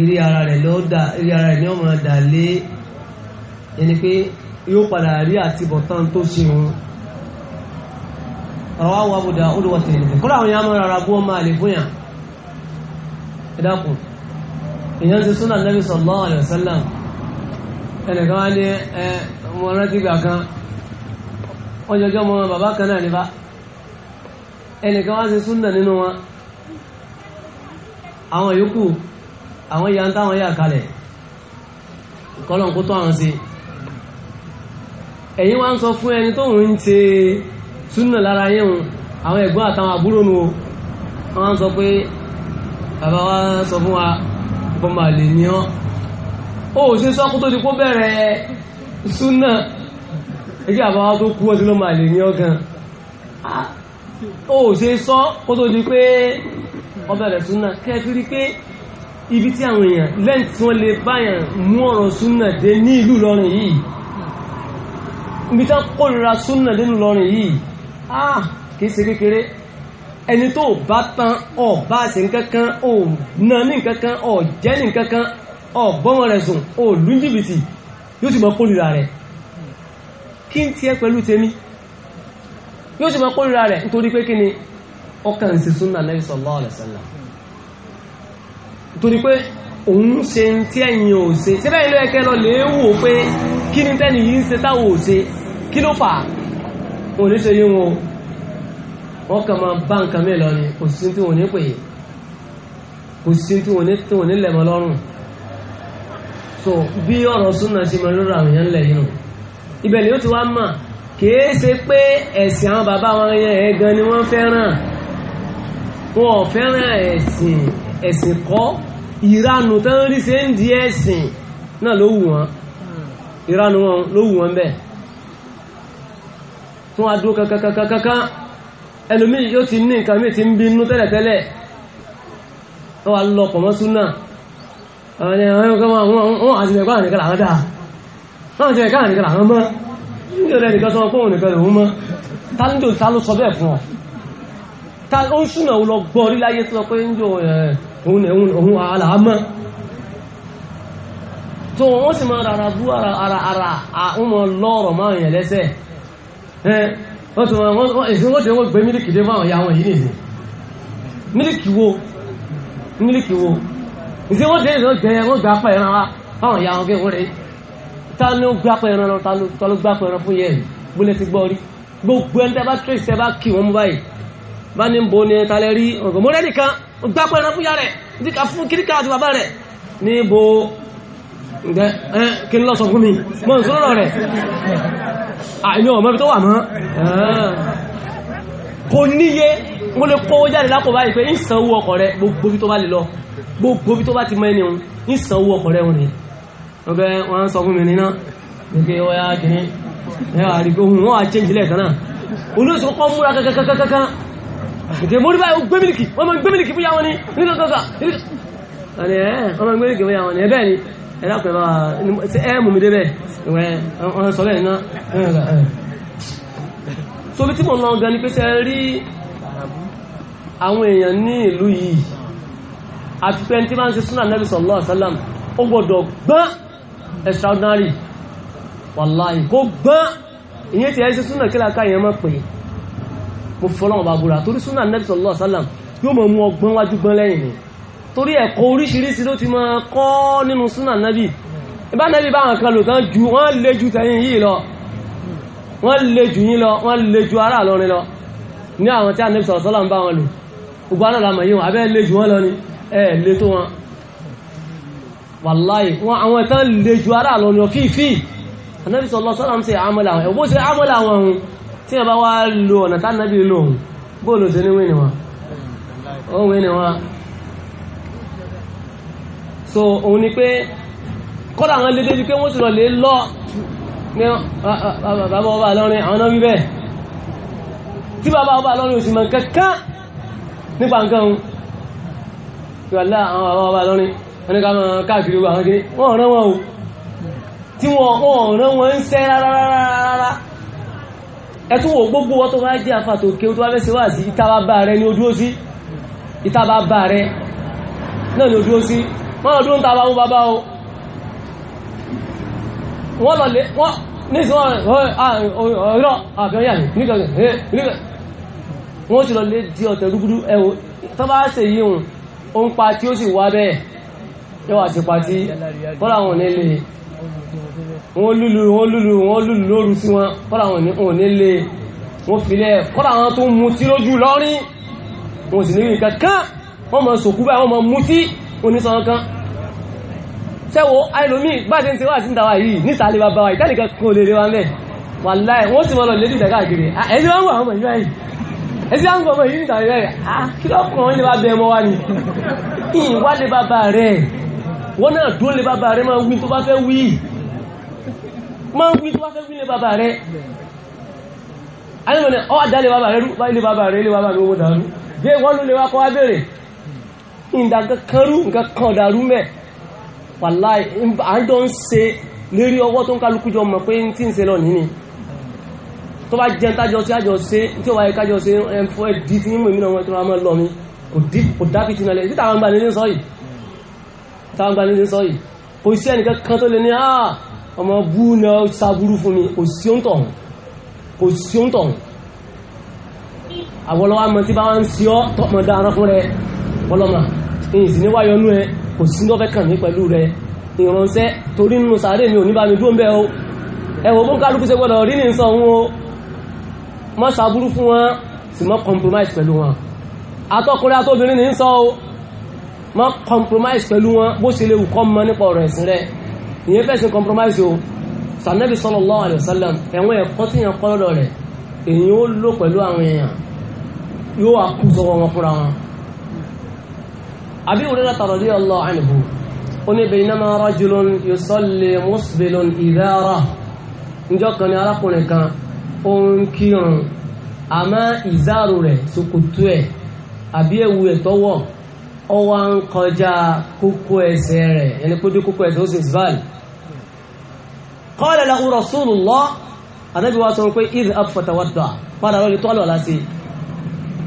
ìrí ara rẹ̀ ló dá ìrí ara rẹ̀ ni ọmọ dà lé ẹni pé yóò padà rí àtibọ̀tán tó ṣe òun ọ̀rọ̀ wa Abu Dawud wa Tirmidhi kúrò àwọn yàmọ́ rárá gbọ́ máa lè fún yà ìdákùn èyàn ti súnà Nabi sallallahu alaihi wasallam ẹnìkan wá ní ẹ mọ rántí gbà kan wọ́n jọjọ́ mọ bàbá kan náà nípa ẹnìkan wá sí súnà nínú wọn àwọn yòókù àwọn ya ń táwọn yà kalẹ̀ kọ́lọ̀ ń kó tó àwọn sí ẹ̀yin wá ń sọ fún súnà lára yẹn àwọn ẹ̀gbọ́n àtàwọn àbúrò nu wọ́n sọ pé bàbá wa sọ fún wa bọ́mà lè ní ọ́ ó ṣe sọ́kú tó ti kó bẹ̀rẹ̀ súnà ẹjẹ́ bàbá wa tó kú ọ́ sí ló mà lè ní ọ́ gan ó ṣe sọ́ kó tó di pé ó bẹ̀rẹ̀ súnà kẹ́kiri pé ibi tí àwọn èèyàn lẹ́yìn tí wọ́n lè báyàn mú ọ̀rọ̀ súnà dé ní ìlú lọ́rin yìí ibi tí wọ́n kórìíra súnà dé ní lọ́rin yìí ah kìí ṣe kékeré ẹni tó bá tán ọ̀ bá ṣe nkankan ọ̀ náà ní nkankan ọ̀ jẹ́ ní nkankan ọ̀ bọ́mọ rẹ̀ sùn ọ̀ lú jìbìtì yóò sì mọ kórìíra rẹ̀ kí n tiẹ̀ pẹ̀lú tèmi yóò sì mọ kórìíra rẹ̀ nítorí pé kí ni ọkàn ń ṣe súnà Nabi sallallahu alaihi wasallam nítorí pé òun ṣe ń tí ẹ̀yìn ò ṣe síbẹ̀ ilé ẹ̀kẹ́ lọ lè wò pé kí ni tẹ́ni yìí wọn ní ṣe yí wọn wọn kà máa bá nǹkan mi lọ ni kò sí tí wọn ní pè é kò sí tí wọn ní tí wọn ní lọ́rùn so bí ọ̀rọ̀ súnà sí mọ lórí àwọn èèyàn ńlẹ̀ yìí nù ibẹ̀ ni ti wá mà kìí ṣe pé ẹ̀sìn àwọn bàbá wọn yẹn ẹ̀ gan ni wọ́n fẹ́ràn wọn ò fẹ́ràn ẹ̀sìn ẹ̀sìn kọ́ ìranù tó ń rí ṣe ń di ẹ̀sìn náà ló wù wọ́n ìranù wọn ló wù wọ́n bẹ́ẹ̀ tó wá dúró kankankankan ẹlòmí yóò ti ní nǹkan mí ti ń bínú tẹ́lẹ̀tẹ́lẹ̀ tó wá lọ pọ̀ mọ́ súnà àwọn ẹ̀wọ̀n kan wọ́n àti ẹ̀kọ́ àrìnkà làwọn dáa wọ́n àti ẹ̀kọ́ àrìnkà làwọn mọ́ ní ọ̀rẹ́ nìkan sọ pé òun nìkan lòun mọ́ ta ló dò ta ló sọ bẹ́ẹ̀ fún ọ ta ó ń súnà òun lọ gbọ́ orí láyé tó sọ pé ń jò òun òun àlàámọ́ tó wọ́n sì máa rárá bú ara ara àwọn ọmọ lọ́rọ̀ máa yẹn lẹ́sẹ̀ wọ́n tún wọ́n èsì wọ́n tẹ̀ wọ́n gbé mílíkì dé fáwọn ìyá wọn yìí nìyí mílíkì wo mílíkì wo èsì wọ́n tẹ̀ èsì wọ́n gbé wọ́n gbé apá ẹran wa fáwọn ìyá wọn kí wọ́n rẹ̀ ta ló gbé apá ẹran lọ ta ló gbé apá ẹran fún yẹn gbólé ti gbọ́ rí gbogbo ẹni tẹ́ bá tẹ̀ sẹ́ bá kì wọ́n báyìí bá ní bo ni talẹ́ rí ọ̀gọ̀mọ́rẹ́ nìkan gbé apá ẹran fún yàrá rẹ̀ ǹgẹ́ ẹ́ kí lọ́sọ fún mi mọ́ ìṣòro rẹ̀ àìní ọmọ ibi tó wà mọ́ kò níye mo lè kó jáde lápò báyìí pé ìsanwó ọkọ̀ rẹ̀ gbogbo bí tó bá lè lọ gbogbo bí tó bá ti mọ́ ni ọgbẹ́ wọn sọ fún mi níná gbogbo ọya kìíní ẹwà àrígbó ohun wọn wà change lẹ́ẹ̀kan náà olóòsì kọ́kọ́ múra kankankankan ìdè mórí báyìí gbé mílìkì wọ́n máa gbé mílìkì fún ni ni ẹ ẹ̀dá pẹ̀lú ẹ̀mù mi débẹ̀ ìwọ̀n sọ́lẹ̀ iná so bí tí mo lọ gan ni pé ṣe rí àwọn èèyàn ní ìlú yìí àti pé tí máa ń ṣe súnà Nabi sallallahu alaihi wasallam ó gbọ́dọ̀ gbọ́n extraordinary wàláì kó gbọ́n ìyẹn tí ẹ ṣe súnà kí láká ìyẹn mọ́ pé mo fọ́lọ́wọ̀n bá búra torí súnà Nabi sallallahu alaihi wasallam yóò mọ̀ mú ọgbọ́n wájú gbọ́n lẹ́yìn ni torí ẹ̀kọ́ oríṣiríṣi ló ti máa kọ́ nínú súnà nábì ìbánẹ́bí báwọn kan lò tán ju wọ́n lè ju tẹ̀yìn yìí lọ wọ́n lè ju yín lọ wọ́n lè ju ará lọrin lọ ní àwọn tí ànẹ́bí sọ̀rọ̀ sọ́lá ń bá wọn lò gbogbo àná làmọ̀ yìí wọn abẹ́ lè ju wọn lọ ni ẹ lè tó wọn wàláì wọn àwọn tán lè ju ará lọrin lọ fífí ànẹ́bí sọ̀rọ̀ sọ́lá ń ṣe àmọ́lá wọn ẹ̀wọ́ ṣe àmọ́lá wọn hun tí wọn bá so òun ni pé kọ́lá àwọn lédè bíi pé wọ́n sì lọ lè lọ ní bàbá ọba lọ́rin àwọn náà wíbẹ̀ tí bàbá ọba lọ́rin òsì mọ̀ kankan nípa nǹkan ohun tí wà láà àwọn bàbá ọba lọ́rin ẹnìkan mọ̀ káàkiri wà kiri wọ́n rán wọn o tí wọ́n rán wọn ń sẹ́ rárá ẹtún wò gbogbo wọ́n tó bá jẹ́ àfà tó kéwú tó bá fẹ́ ṣe wà sí ìta bàbá rẹ ní ojú ó sí ìta bàbá rẹ náà ní ojú ó sí wọ́n ọdún tàbá mú bàbá o wọ́n lọ lè wọ́n ní ìsìn wọn ọ̀rọ̀ àfihàn yà ní nígbàgbà wọ́n ti lọ lè di ọ̀tẹ̀ rúgúdú ẹ̀wò tó bá ṣe yí òun ó ń pa tí ó sì wá bẹ́ẹ̀ yóò wá sí pa tí kọ́lá wọn ní lè wọ́n lùlù wọ́n lùlù wọ́n lùlù lóru sí wọn kọ́lá wọn ní lè wọ́n filẹ̀ kọ́lá kan tẹ́wọ́ àìlómi gbáṣe ń ṣe wà sí ìdáwà yìí nísàlẹ̀ bàbá wa ìtàlẹ̀ kan kò lè lè wa mẹ́ wàláì wọ́n sì mọ́ lọ lè dìdà káàkiri ẹ̀sí wọ́n wà ọmọ ìlú ẹ̀yìn ẹ̀sí wọ́n gbọ́ ọmọ ìlú ìtàlẹ̀ rẹ̀ kí lọ́kùnrin lè bá bẹ ọmọ wa ni ìyìn wá lè bàbá rẹ̀ wọ́n náà dúró lè bàbá rẹ̀ máa wí tó bá fẹ́ wí máa wí tó bá fẹ́ wí lè bàbá rẹ̀ ayé lónìí ọ́ àdá lè bàbá rẹ̀ rú lè bàbá rẹ̀ lè bàbá rẹ̀ owó dàrú bí wọ́n ló lè wá kọ́ wá bèrè ìdàgbẹ́ kan rú nǹkan kan dàrú mẹ́ wàláì àjọ ń ṣe lérí ọwọ́ tó ń kálukú jọ mọ̀ pé ń tí ń ṣe lọ nìyí tó bá jẹ́ tájọ sí àjọ ṣe tí ó wáyé kájọ ṣe ẹ̀fọ́ ẹ̀dí tí mímú ìmìnà wọn tó máa lọ mi kò dábì tí nàlẹ̀ títà àwọn gbanilé sọ yìí táwọn gbanilé sọ yìí kò sí ẹnìkan kan tó lè ní àà ah, ọmọ bú na ṣàbúrú fún mi kò sí ń tọ̀hún kò sí ń tọ̀hún àwọlọ́wọ́ àmọ́ tí bá wá ń ṣe ọ́ tọ́mọdá ara fún rẹ ọlọ́mọ ìsìn wá yọnú ẹ kò sí lọ́fẹ́ kàn mí pẹ̀lú rẹ ìrànṣẹ́ torí nínú sàárè mi ò ní bá mi dúró bẹ́ o ẹwọ bó ń kálukú ṣe gbọ́dọ̀ rí ní sọ wọn mọ́ ṣàbúrú fún wọn sì mọ́ compromise pẹ̀lú wọn atọ́kùnrin atóbìnrin ní sọ o mọ́ compromise pẹ̀lú wọn bó ṣe lè wù mọ́ nípa ọ̀rọ̀ ẹ̀sìn rẹ ìyẹn fẹ́sìn compromise o sànẹ́bí sallallahu alaihi wasallam ẹ̀wọ̀n ẹ̀kọ́ أبي هريرة رضي الله عنه قل بينما رجل يصلي مسبل إذاره njọ́ kan ni arákùnrin kan ó ń kírun àmọ́ ìzáàrò rẹ̀ ṣòkòtò ẹ̀ àbí ẹ̀wù ẹ̀ tọ́wọ̀ ó wá ń kọjá kókó ẹsẹ̀ rẹ̀ ẹni kó dé kókó ẹsẹ̀ ó sì sbal qala lahu rasulullah àtẹ́bí wa sọ pé id up fatawadda padà lọ́lẹ̀ tún àlùwàlá sí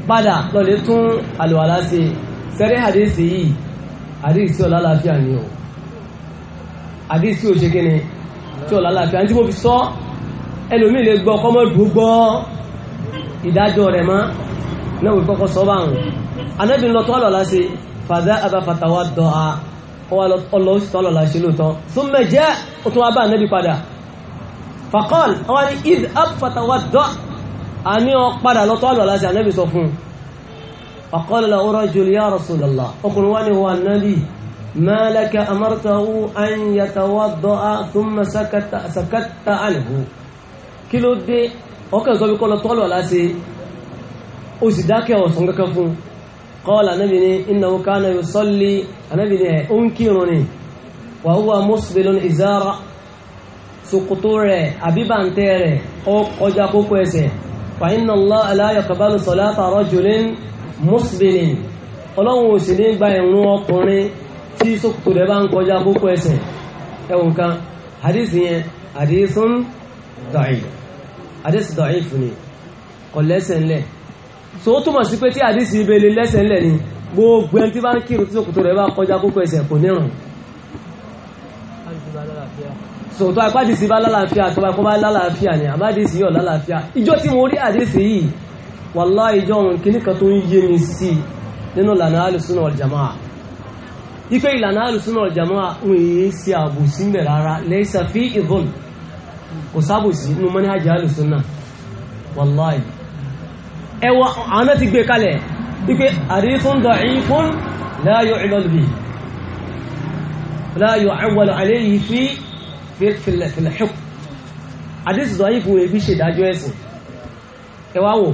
padà lọ́lẹ̀ tún àlùwàlá sí sẹ́rí àdéhìsì yìí àdéhìsì ọ̀la láàfíà ni o àdéhìsì ò ṣe kí ni tí ọ̀la láàfíà tí mo fi sọ ẹlòmíì lè gbọ́ kọ́mọ́ dùn gbọ́ ìdájọ́ rẹ̀ mọ́ náà wò kọ́kọ́ sọ báwọn anábì ń lọ tó ọlọ́lá ṣe fàdá abáfatáwá dọ̀ a ọlọ́ oṣù tó ọlọ́lá ṣe lóòótọ́ tó mẹ́jẹ́ ó tún wá bá anábì padà fàkọ́ọ̀l àwọn ìd abáfatáwá dọ̀ a ọ padà lọ tó ọlọ́lá ṣe anábì sọ fún un فقال له رجل يا رسول الله أخواني هو النبي ما لك أمرته أن يتوضأ ثم سكت سكت عنه كيلو دي أوكي زوبي كولا طولو على سي أوسيداكي أو سنغكفون قال النبي إنه كان يصلي النبي أنكرني وهو مصبل إزار سقطوره أبيبانتيره أو قجاكوكوسي فإن الله لا يقبل صلاة رجل musbirin ọlọ́run ò sì ní gba ìrun ọkùnrin tí sókòtò rẹ̀ bá ń kọjá kókó ẹsẹ̀ ẹ̀wọ̀n kan hadith yẹn hadithun da'if hadith da'if fún ni kò lẹ́sẹ̀ ńlẹ̀ so ó túmọ̀ sí pé tí hadith ibẹ̀ lè lẹ́sẹ̀ ńlẹ̀ ni gbogbo ẹni tí bá ń kírun tí sókòtò rẹ̀ bá kọjá kókó ẹsẹ̀ kò nírun sòtò àpá àdìsí bá lálàáfíà tó bá bá lálàáfíà ni àbá àdìsí yóò wallahi ìjọ òun kìíní kan tó ń yé mi sí nínú ìlànà alùsùnà ọ̀jàmáà ipe ìlànà alùsùnà ọ̀jàmáà ń èyí sí àbòsí mẹ́ rárá lẹ́sà fi ìbọn kò sábòsí nínú manhaj alùsùnà wallahi ẹwà àwọn ti gbé kalẹ̀ ipe àrífún da'ifun la yu'lal bihi la yu'awwal alayhi fi fil hukm àdísì da'ifun ṣèdájọ́ ẹ̀sìn ẹwà wò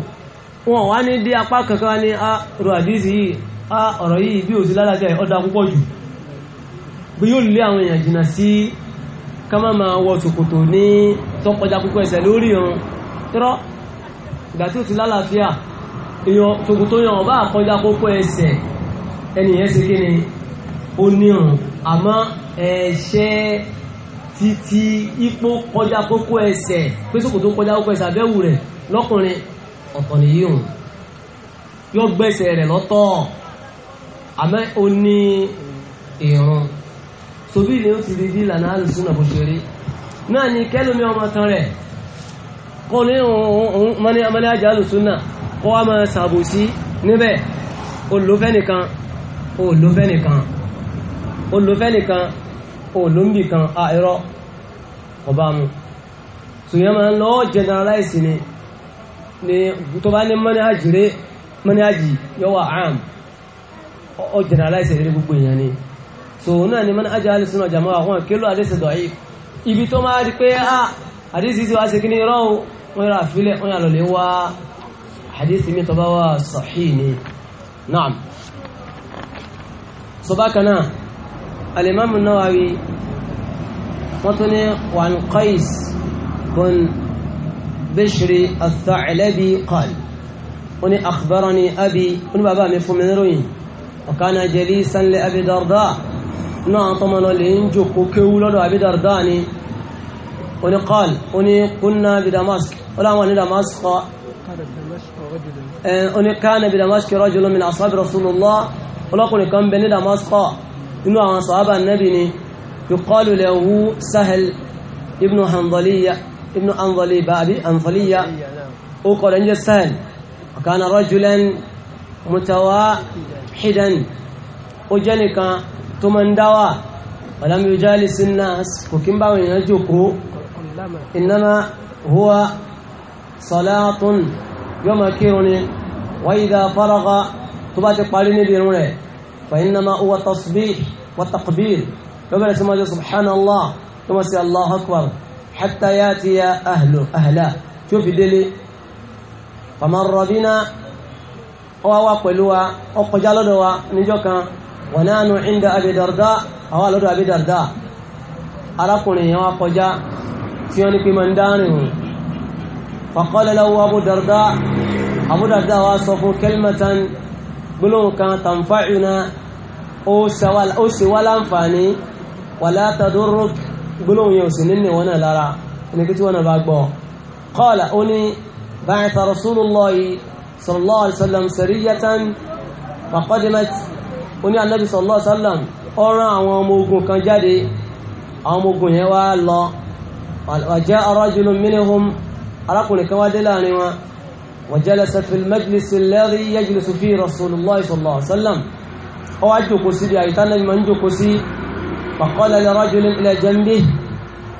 wọn wá ní dé apá kankan wá ní a ah, rò àdísì yìí a ah, ọ̀rọ̀ yìí bí òsì lálàáfíà ọ̀dà púpọ̀ jù bí yóò lé àwọn èèyàn jìnnà sí ká má máa wọ ṣòkòtò ní tọkọjá púpọ̀ ẹsẹ̀ lórí irun tọ́rọ́ ìgbà tí ó ti lálàáfíà èèyàn ṣòkòtò yàn ọba àkọjá púpọ̀ ẹsẹ̀ ẹni yẹn ṣe kí ni ó ní irun àmọ́ ẹ̀ṣẹ́ títí ipò kọjá kókó ẹsẹ̀ pé ṣòkòtò kọjá kókó ẹsẹ̀ abẹ́wù rẹ̀ lọ́kùnrin ọ̀tọ̀ nìyí òun yóò gbẹ̀sẹ̀ rẹ̀ lọ́tọ̀ àmọ́ ó ní ìrun sobi ni ó ti di bí ìlànà alùsùn àbò ṣe rí náà ni kẹlòmí ọmọ tán rẹ̀ kó ní òun mọ́ni amẹ́lẹ́ àjà alùsùn náà kó wá máa ṣàbòsí níbẹ̀ olùlọ́fẹ́ nìkan olùlọ́fẹ́ nìkan olùlọ́fẹ́ nìkan olùmbì kan a ọba mu sùnyẹ́mọ̀ ń lọ́ọ́ generalize ni ni tó bá ní mọ́nájì rẹ̀ mọ́nájì yọ́wà àm ọ generalize rẹ̀ gbogbo èèyàn ni so náà ni mọ́nájì alẹ́sìn ọjà mọ́ àwọn kílò àdéṣe dọ̀ yìí ibi tó máa rí pé ah àdéṣe ti wá sí kí ní irọ́ wọn yàrá àfilẹ̀ wọn yàrá lè wá àdéṣe mi tó bá wà sahih ni naam so bákan náà al-Imam an-Nawawi wọ́n tún ní wàn Qais bọ́n بشر الثعلبي قال أني أخبرني أبي وني بابا مفهمين وكان جليسا لأبي درداء نعطمنا لإنجو كولو لأبي درداني أني قال أني كنا بدمشق ولا أني دمشق أه، أني كان بدمشق رجل من أصحاب رسول الله ولا أني كان بني دمشق إنه أصحاب النبي يقال له سهل ابن حنظلية ibn anzaliba àbí anzaliya ó kọ̀ rẹ̀ ń jẹ́ sáàl ọ̀kan rajulan mutawahidan ó jẹ́ nìkan tó máa ń dáwà walam yujalis an-nas kò kí ń bá èèyàn jókòó innama huwa salatun yóò máa kírun ni wa idha faragha tó bá ti parí níbi irun rẹ̀ fa innama huwa tasbih wa taqbir yóò bẹ̀rẹ̀ sí máa jẹ́ subhanallah tó máa sí allahu akbar hatta yatiya ahlu ahla tí ó fi délé famarra bina ọwá wá pẹ̀lú wa ọkọjá lọ́dọ̀ wa níjọ́ kan wa nahnu inda Abi Darda àwọn lọ́dọ̀ Abi Darda arákùnrin yẹn wá kọjá tí wọ́n ní pé máa ń dárin hù faqala lahu Abu Darda Abu Darda wa sọ fún kalimatan gbólóhùn kan tanfa'una ó ṣe wá láǹfààní wala tadurruk gbólóhùn yẹn ò sì nínú ìwọ́n náà lára ní kí tí wọ́n náà bá gbọ́ qala ó ní ba'atha rasulullahi sallallahu alaihi wasallam sariyatan faqadimat ó ní anábì sallallahu alaihi wasallam ó rán àwọn ọmọ ogun kan jáde àwọn ọmọ ogun yẹn wá lọ wa ja'a rajulun minhum arákùnrin kan wá dé láàrin wọn wa jalasa fil majlis alladhi yajlisu fihi rasulullahi sallallahu alaihi ó wá jókòó sí àyíká náà máa ń jókòó sí fàkọ́lẹ̀ lọ́rọ́ jùlọ ilẹ̀ jẹ́mbí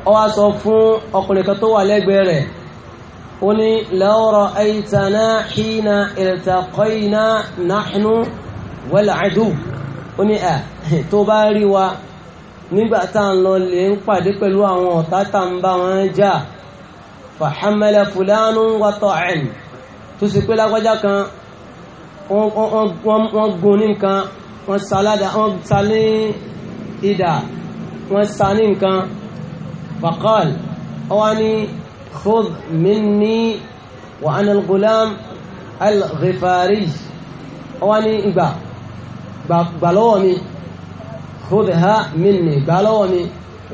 ọ wá sọ fún ọkùnrin kan tó wà lẹ́gbẹ̀ẹ́ rẹ̀ ó ní lọ́rọ̀ àìtànà hìnà ìrìtàkọ́ìnà náhínú wẹ́lẹ̀ àdú ó ní ẹ̀ tó bá rí wa nígbà tá à ń lọ lè ń pàdé pẹ̀lú àwọn ọ̀tá wọ́n gun ní nǹkan wọ́n salé ìdà wọ́n sa ní nǹkan faqal ọwá ní khudh minni wa ana al-gulam al-ghifari ọwá ní ìgbà gbàlọ́wọ́ mi khudhha minni gbàlọ́wọ́ mi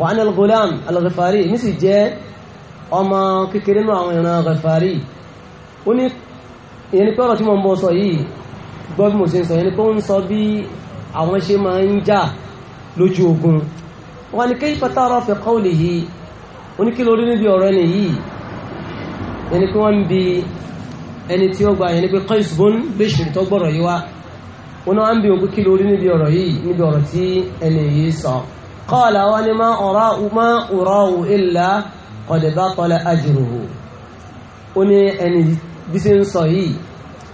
wa ana al-gulam al-ghifari sì jẹ́ ọmọ kékeré náà àwọn ìran ghifari ó ní ìyẹn ni pé tí mo ń bọ́ sọ yìí gbọ́ bí mo ṣe ń sọ ìyẹn ni pé ó ń sọ bí àwọn ṣe máa ń jà lójú ogun wọ́n ni kéyí pátá ọ̀rọ̀ fi kọ́ lè yìí oníkí lórí níbi ọ̀rọ̀ ẹni yìí ẹni pé wọ́n ń bi ẹni tí ó gba ẹni pé Qais bun Bishr tó gbọ́rọ̀ yìí wá wọn náà ń bi ogun kí lórí níbi ọ̀rọ̀ yìí níbi ọ̀rọ̀ tí ẹni yìí sọ qala wọn ni má ọ̀rọ̀ má ọ̀rọ̀ illa qad batala ó ní ẹni bí ṣe ń sọ yìí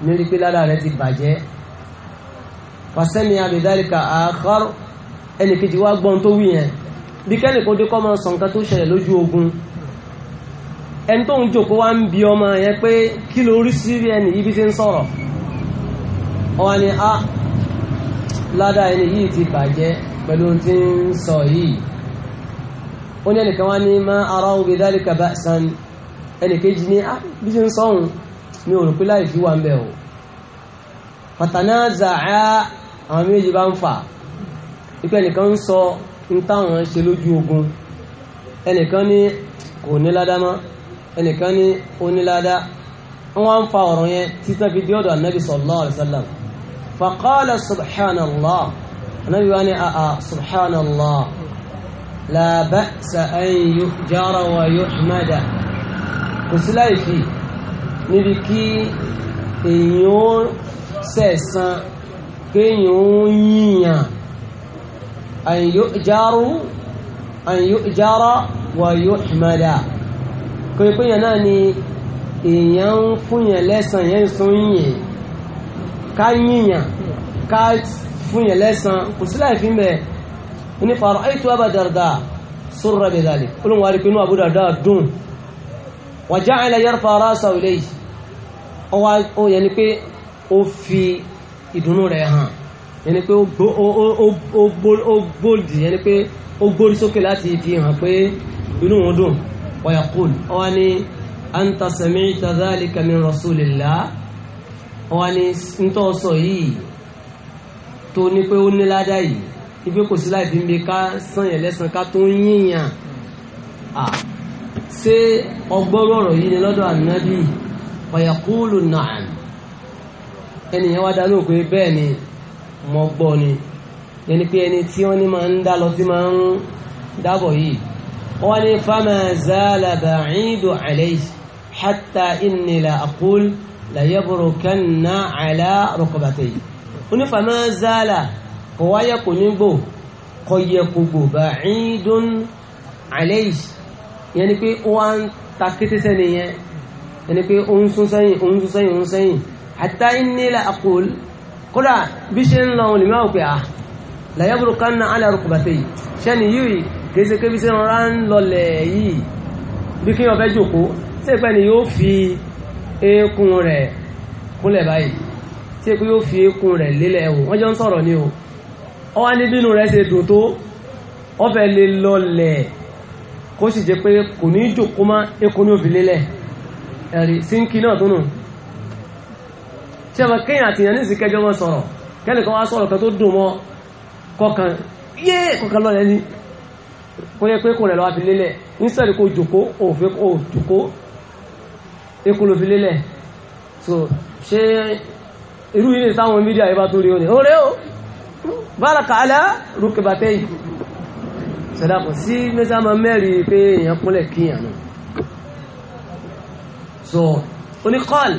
ní rí pé ládàá rẹ ti bàjẹ́ fasami'a bidhalika akhar ẹnìkejì wá gbọ́n tó wí yẹn bí kẹ́nìkan dé kọ́ máa sọ nǹkan tó ṣẹlẹ̀ ogun ẹni tó ń jòkó wá bi ọmọ yẹn pé kí ló rí sí ẹni ibi bí ń sọ̀rọ̀ ni a ah, ládà ẹni yìí ti bàjẹ́ pẹ̀lú tí ń sọ yìí ó ní ẹnìkan wá ní ara òbí dálíkà bá san ẹnìkejì a ah, bí ṣe ń sọ̀hún ní òrùpí láì fi wà o pàtàkì náà àwọn méjì bá ń ipe ẹnìkan ń sọ ń táwọn ṣe lójú ogun ẹnìkan ní kò ní ládàá mọ́ ẹnìkan ní ó ní ládàá wọ́n ń fa ọ̀rọ̀ yẹn títà fi dé ọ̀dọ̀ ànábì sallallahu alaihi wasallam subhanallah ànábì ó sẹ̀san kéèyàn ó yíyàn an yu'jaru an yu'jara wa yuhmada kò yẹ pé yẹn náà ni èèyàn ń fún yẹn lẹ́sàn yẹn sún yìn ká yìnyàn ká fún yẹn lẹ́sàn kò sí láì fi mẹ́ ní fara ayé tó wà bá Darda sọ́rọ̀ bẹ̀ dàlẹ̀ olùwà rí pinnu Abu Darda dùn wa ja'ala yarfa ra'sahu ilayhi ọwọ́ ó yẹ ni pé ó fi ìdùnnú rẹ̀ hàn yẹni pé ó gbòdì yẹni pé ó gbórí sókè láti fi hàn pé inú òun dùn ọ̀yà kúl ọwá ní anta sami'ta dhalika min rasulillah ni ní ntọ́ sọ yìí tó ní pé ó ní yìí ibi kò sí fi ká sànyẹ̀ lẹ́sàn ká tó ń yíyàn ṣé ọgbọ́rú yìí ni lọ́dọ̀ ni. mọ́ gbọ́ ni yẹni pé ẹni tí wọ́n ní máa ń dá lọ tí máa ń dábọ̀ yìí wọ́n ní fama zala ba'idu alayhi hatta inni la aqul la yabrukanna ala rukbatayhi ó ní fama zala kò wáyé kò ní gbò kò yẹ kò gbò ba'idun alayhi yẹni pé wọ́n ta kété sẹ́ni yẹn pé ó sún sẹ́yìn ó sún sẹ́yìn ó ń sẹ́yìn hatta inni kódà bí ṣe ń lọ òun lèmi àwọn ah, pé à làyàbùrù kánà alárùkùbàtẹ́ yìí ṣẹ́ni yìí kìí ṣe kébí ṣe rán lọlẹ̀ yìí bí kí wọ́n fẹ́ jòkó tí ìpẹ́ ni yóò fi eékún rẹ̀ kúnlẹ̀ báyìí tí ìpẹ́ yóò fi eékún rẹ̀ lélẹ̀ ẹ̀wò wọ́n jọ ń sọ̀rọ̀ ni o ọ wá ní bínú rẹ̀ ṣe dùn tó ọ fẹ́ lè lọlẹ̀ kó sì jẹ́ pé kò ní jòkó mọ́ eékún ní òfin lélẹ̀ ẹ̀rí sínkì náà tó nù tí a máa kẹ́yìn àti ìyàn ní ìsìnkẹjọ mọ́ sọ̀rọ̀ kẹ́nìkan wá sọ̀rọ̀ kan tó dùn mọ́ kọkàn yé kọkàn lọ́rẹ̀ ní kó yẹ pé kò rẹ̀ lọ́wọ́ fi lélẹ̀ nísẹ̀rẹ̀ kó jòkó òfin kó jòkó ekó ló fi lélẹ̀ so ṣé irú yìí ní sáwọn mídíà yìí bá tó rí o ní oore o bára kàálà rúkè bàtẹ́ yìí sọ̀dàpọ̀ sí mẹ́sàmọ́ mẹ́rin pé èèyàn kúnlẹ̀ kíyàn so oníkọ́ọ̀lù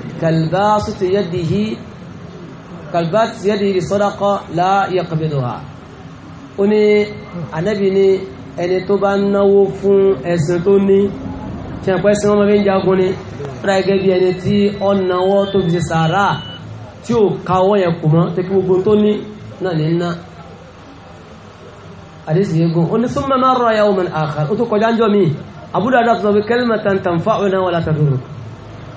كالباسط يده كالباسط يده بصدقة لا يقبضها أني أنا بني ẹni توبان bá náwó fún ẹ̀sìn tó ní tí a pẹ́ sí wọ́n mọ́fí ń jagun ní rẹ̀ gẹ́gẹ́ bí ẹni tí ọ náwó tó fi ṣe sàárà tí ó káwọ́ yẹn kù mọ́ tí kí gbogbo tó ní náà ní ná àdísì yegun ó ní súnmọ́ máa rọ̀ yàwó mẹ́rin àkàrà ó tó kọjá ń jọ mi abúdá dá tó sọ pé kẹ́lìmẹ̀tàn tàn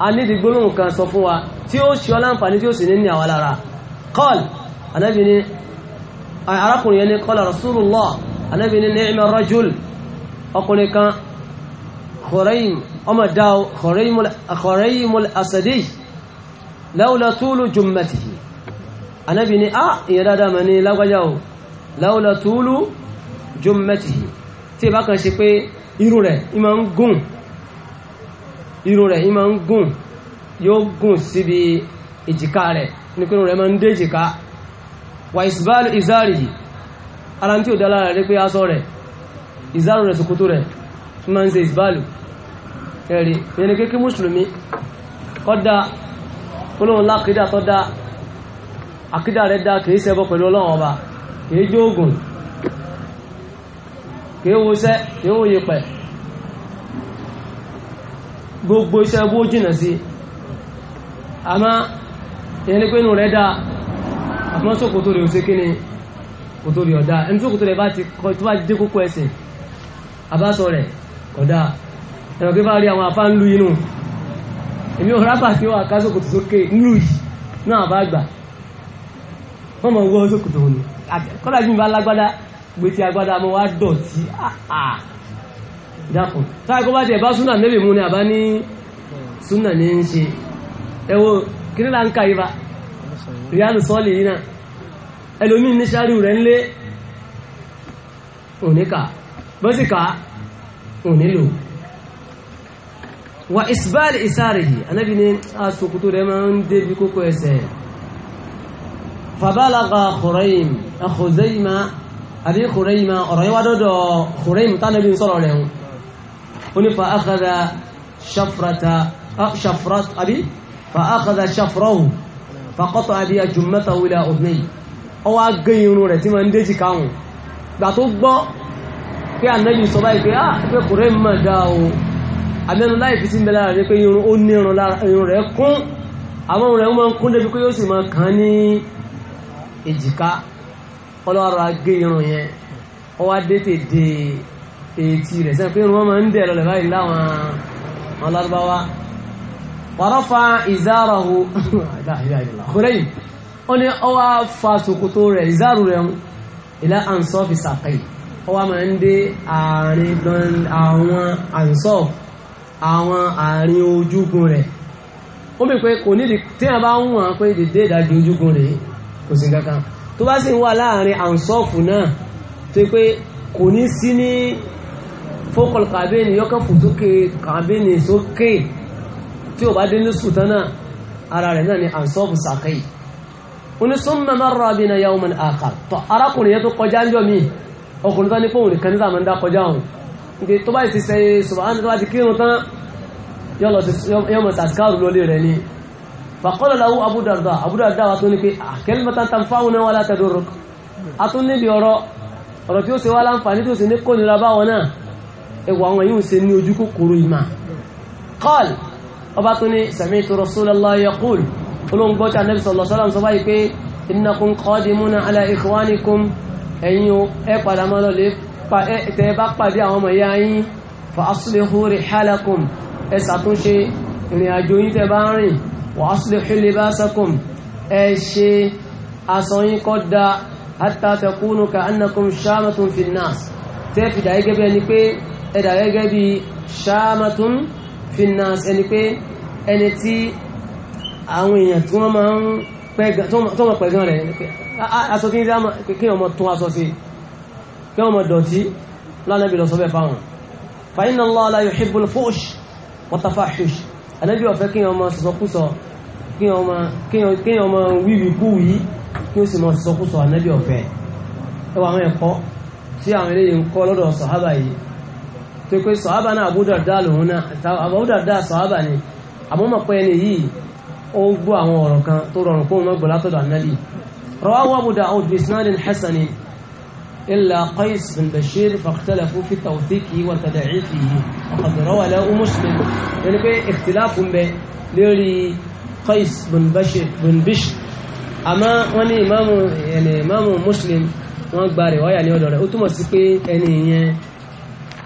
a ní ìdí gbólóhùn kan sọ fún wa tí ó ṣe ọláǹfààní tí ó sì ní ní àwọn lára kọ́l anábì ní arákùnrin yẹn ní kọ́lá rasulullah anábì ní ni'ma rajul ọkùnrin kan khurayim ọmọ dáw khurayimul asadi lawla tulu jummatihi anábì ní ah ìyẹn dáadáa mà ní lágbájá o irun rẹ̀ ìmọ̀ ń gùn yóò gùn síbi ìjìká rẹ̀ ní pé irun rẹ̀ máa ń dé ìjìká wà ìsìbáàlì ìzáàrì yìí ara tí ò dá lára rẹ̀ pé aṣọ rẹ̀ ìzáàrù rẹ̀ ṣòkòtò rẹ̀ tí máa ń ṣe ìsìbáàlì ẹ̀rí ìyẹn ni kékeré mùsùlùmí kọ́dá olóhùn lákìdá tó dá àkídà rẹ̀ dá kìí ṣẹbọ pẹ̀lú ọlọ́run ọba kìí jóògùn kìí wọṣẹ́ kìí wòye pẹ̀ gbogbo iṣẹ́ bó jìnà sí àmá ìyẹn ni pé inú rẹ̀ dáa àmọ́ sókòtò rẹ̀ ò sí kíni kòtò rẹ̀ ọ̀dá ẹni sókòtò rẹ̀ bá ti tó bá ti dé kókó ẹsẹ̀ àbáṣọ rẹ̀ ọ̀dá ẹ̀rọ bá rí àwọn afá inú èmi ò tí dákùn táàkó bá jẹ bá súnà nẹ́bì mú ní àbá ní súnà ní ń ṣe ẹwọ kíní là ń ka yìí bá ìyáàlù sọ́ọ̀lì yìí náà ẹlòmí ní sáríù rẹ̀ ń lé òníkà bọ́síkà ònílò wà ìsìbáàlì ìsáàrì yìí anábì ní aṣòkòtò rẹ̀ máa ń débi kókó ẹsẹ̀ fàbálàgà Khuraym àkùzẹ́yìmá àbí Khuraym ọ̀rọ̀ yẹn dọ́dọ̀ Khuraym tánàbí ń rẹ̀ onífa akada ṣafrata ṣafrat ah, àbí fa akada ṣafrahu fakọ́tà àbí àjùmọ́ta wílà òfin ọwọ́ agé irun rẹ̀ tí ma ń déjì káhùn gbà tó gbọ́ pé ànáyìn sọ báyìí pé á ah, pé kò rẹ̀ mọ̀ dá o àmẹ́nu láì fi sí mẹ́lá rẹ̀ pé ètì rẹ̀ sẹ́n pé wọ́n máa ń dẹ̀ lọ́lẹ̀ báyìí láwọn alárúbáwá wàrọ́fà ìzáràhù kúrẹ́yìn ó ní ọwá fa ṣòkòtò rẹ̀ ìzárù rẹ̀ ilá ansọ́fì sàkẹ́yì ọwá máa ń dé àárín àwọn ansọ́ àwọn àárín ojúgun rẹ̀ ó mẹ́ pé kò nídìí tí a bá ń wọ̀n pé dédé ìdájú ojúgun rẹ̀ kò sí kankan tó bá sì ń wà láàárín ansọ́fù fókọlù kàbẹ́ẹ̀nì yọ́kàn fò sókè kàbẹ́ẹ̀nì sókè tí ó bá dé ní sùtán náà ara rẹ̀ náà ni ansọ́bù sàkẹ́yì oní súnmọ́ márùn abin na yawon aka tọ́ arákùnrin yẹn tó kọjá ń jọ mí ọkùnrin tó ní pé òun nìkan ní sàmọ́ ń dá kọjá òun nke tó bá ti sẹ sùbàánù tó bá ti kírun tán yọmọ sàskáàrù lólè rẹ̀ ni fàkọ́lọ̀ làwọn Abu Darda Abu Darda wa tó ní pé àkẹ́lẹ́ mẹ́ta tán fáwọn náà wà látẹ̀dọ̀rọ̀ a tún níbi ọ̀rọ̀ ọ̀rọ̀ ẹwà àwọn yíò ṣe ní ojú kòkòrò ìmà qal ọba tó ní sami'tu Rasulullah yaqul olóńgbọ́ tí Ànábì sallallahu alaihi wasallam sọ báyìí pé innakum qadimuna ala ikhwanikum ẹ̀yin o ẹ padà mọ́ lọ́lẹ̀ tẹ́ bá pàdé shamatun fin nas tẹ́ fìdá yí gẹ́gẹ́ pé ẹ̀dà gẹ́gẹ́ bí ṣáàmàtún finnas ẹni pé ẹni tí àwọn èèyàn tí wọ́n máa ń pẹ̀gán rẹ̀ aṣọ kí ní ọmọ tún aṣọ sí kí ọmọ dọ̀tí lánàbí lọ sọ́bẹ̀ fáwọn fa inna Allah la yuhibbul fush wa tafahush ẹ̀nẹ́bí ọ̀fẹ́ kí ọmọ sọ̀sọ̀kúsọ kí ọmọ wíwí kú yìí kí ó sì mọ̀ sọ̀sọ̀kúsọ ẹ̀nẹ́bí ọ̀fẹ́ ẹwà àwọn ẹ̀kọ́ ń kọ́ lọ́dọ̀ sàhábà yìí tó pé sọ̀hábà náà Abu Darda lòun náà Abu Darda sọ̀hábà ni àmọ́ mọ̀ pé ẹni yìí ó gbọ́ àwọn ọ̀rọ̀ kan tó rọrùn kóhun mọ́gbọ̀ látọ̀dọ̀ ànálì rawahu Abu Dawud bi isnadin hasanin illa Qais bin Bashir fakhtalafu fi tawthiqihi wa tad'ifihi wa qad rawa lahu Muslim ẹni pé ikhtilafu ń bẹ lórí Qais bin Bashir bin Bishr àmọ́ wọ́n ní ìmáàmù Muslim wọ́n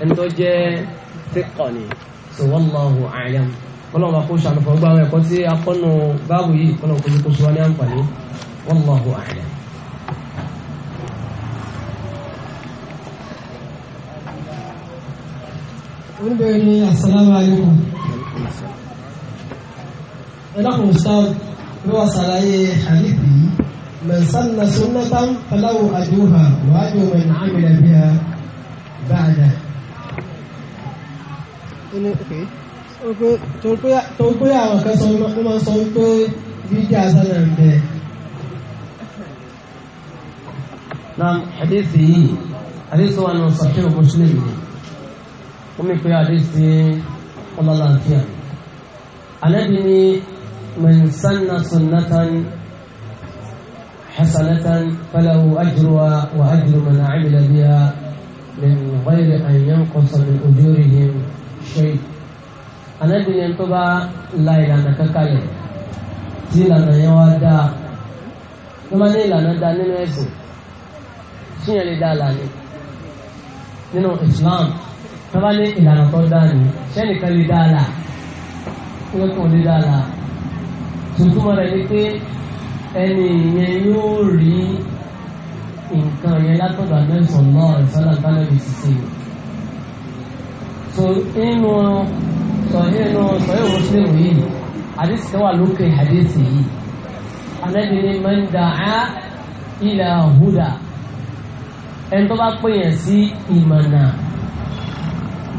ẹni tó jẹ́ fíkọ̀nì so wallahu a'lam kọ́lọ̀ bá kó sànù fún gbàgbọ́ ẹ̀kọ́ tí akọ́nù báàbù yìí kọ́lọ̀ kó ní kó sọ ní àǹfààní wallahu a'lam. oníbẹ̀rẹ̀ ni assalamu alaikum ẹlọ́kùn sáà ló wà sàlàyé hadith yìí من سن سنة فله أجرها وأجر من عمل بها بعده ẹni pé tó pé àwọn kan sọ wọ́n máa sọ wípé bídíà sálà ń bẹ. náà àdéhìí yìí àdéhìí wà nù sàkíyàn mùsùlùmí ó mi pé àdéhìí ọlọ́láńtíà anábì ni mẹ̀nsánná sunnatan حسنة فله أجرها وأجر من عمل بها من غير أن ينقص من أجورهم ṣe ànábì yẹn tó bá la ìlànà kankan yẹn tí ìlànà yẹn wá dáa tó máa ní ìlànà dáa nínú ẹ̀sìn tí yẹn lè dáa lànà nínú Islam tó bá ní ìlànà tó dáa ní sẹ́nìkan lè dáa là wọ́n kàn lè dáa là tuntun mọ́ra ni pé ẹni yẹn yóò rí nǹkan yẹn látọ̀dọ̀ àmẹ́sàn náà ìsọ́lá bá lẹ́bi ṣiṣẹ́ so inú sọ̀yìn inú sọ̀yìn muslim yìí hadith kan wà lókè hadith yìí anabi ni man da'a ila huda ẹni tó bá pè yẹn sí ìmọ̀nà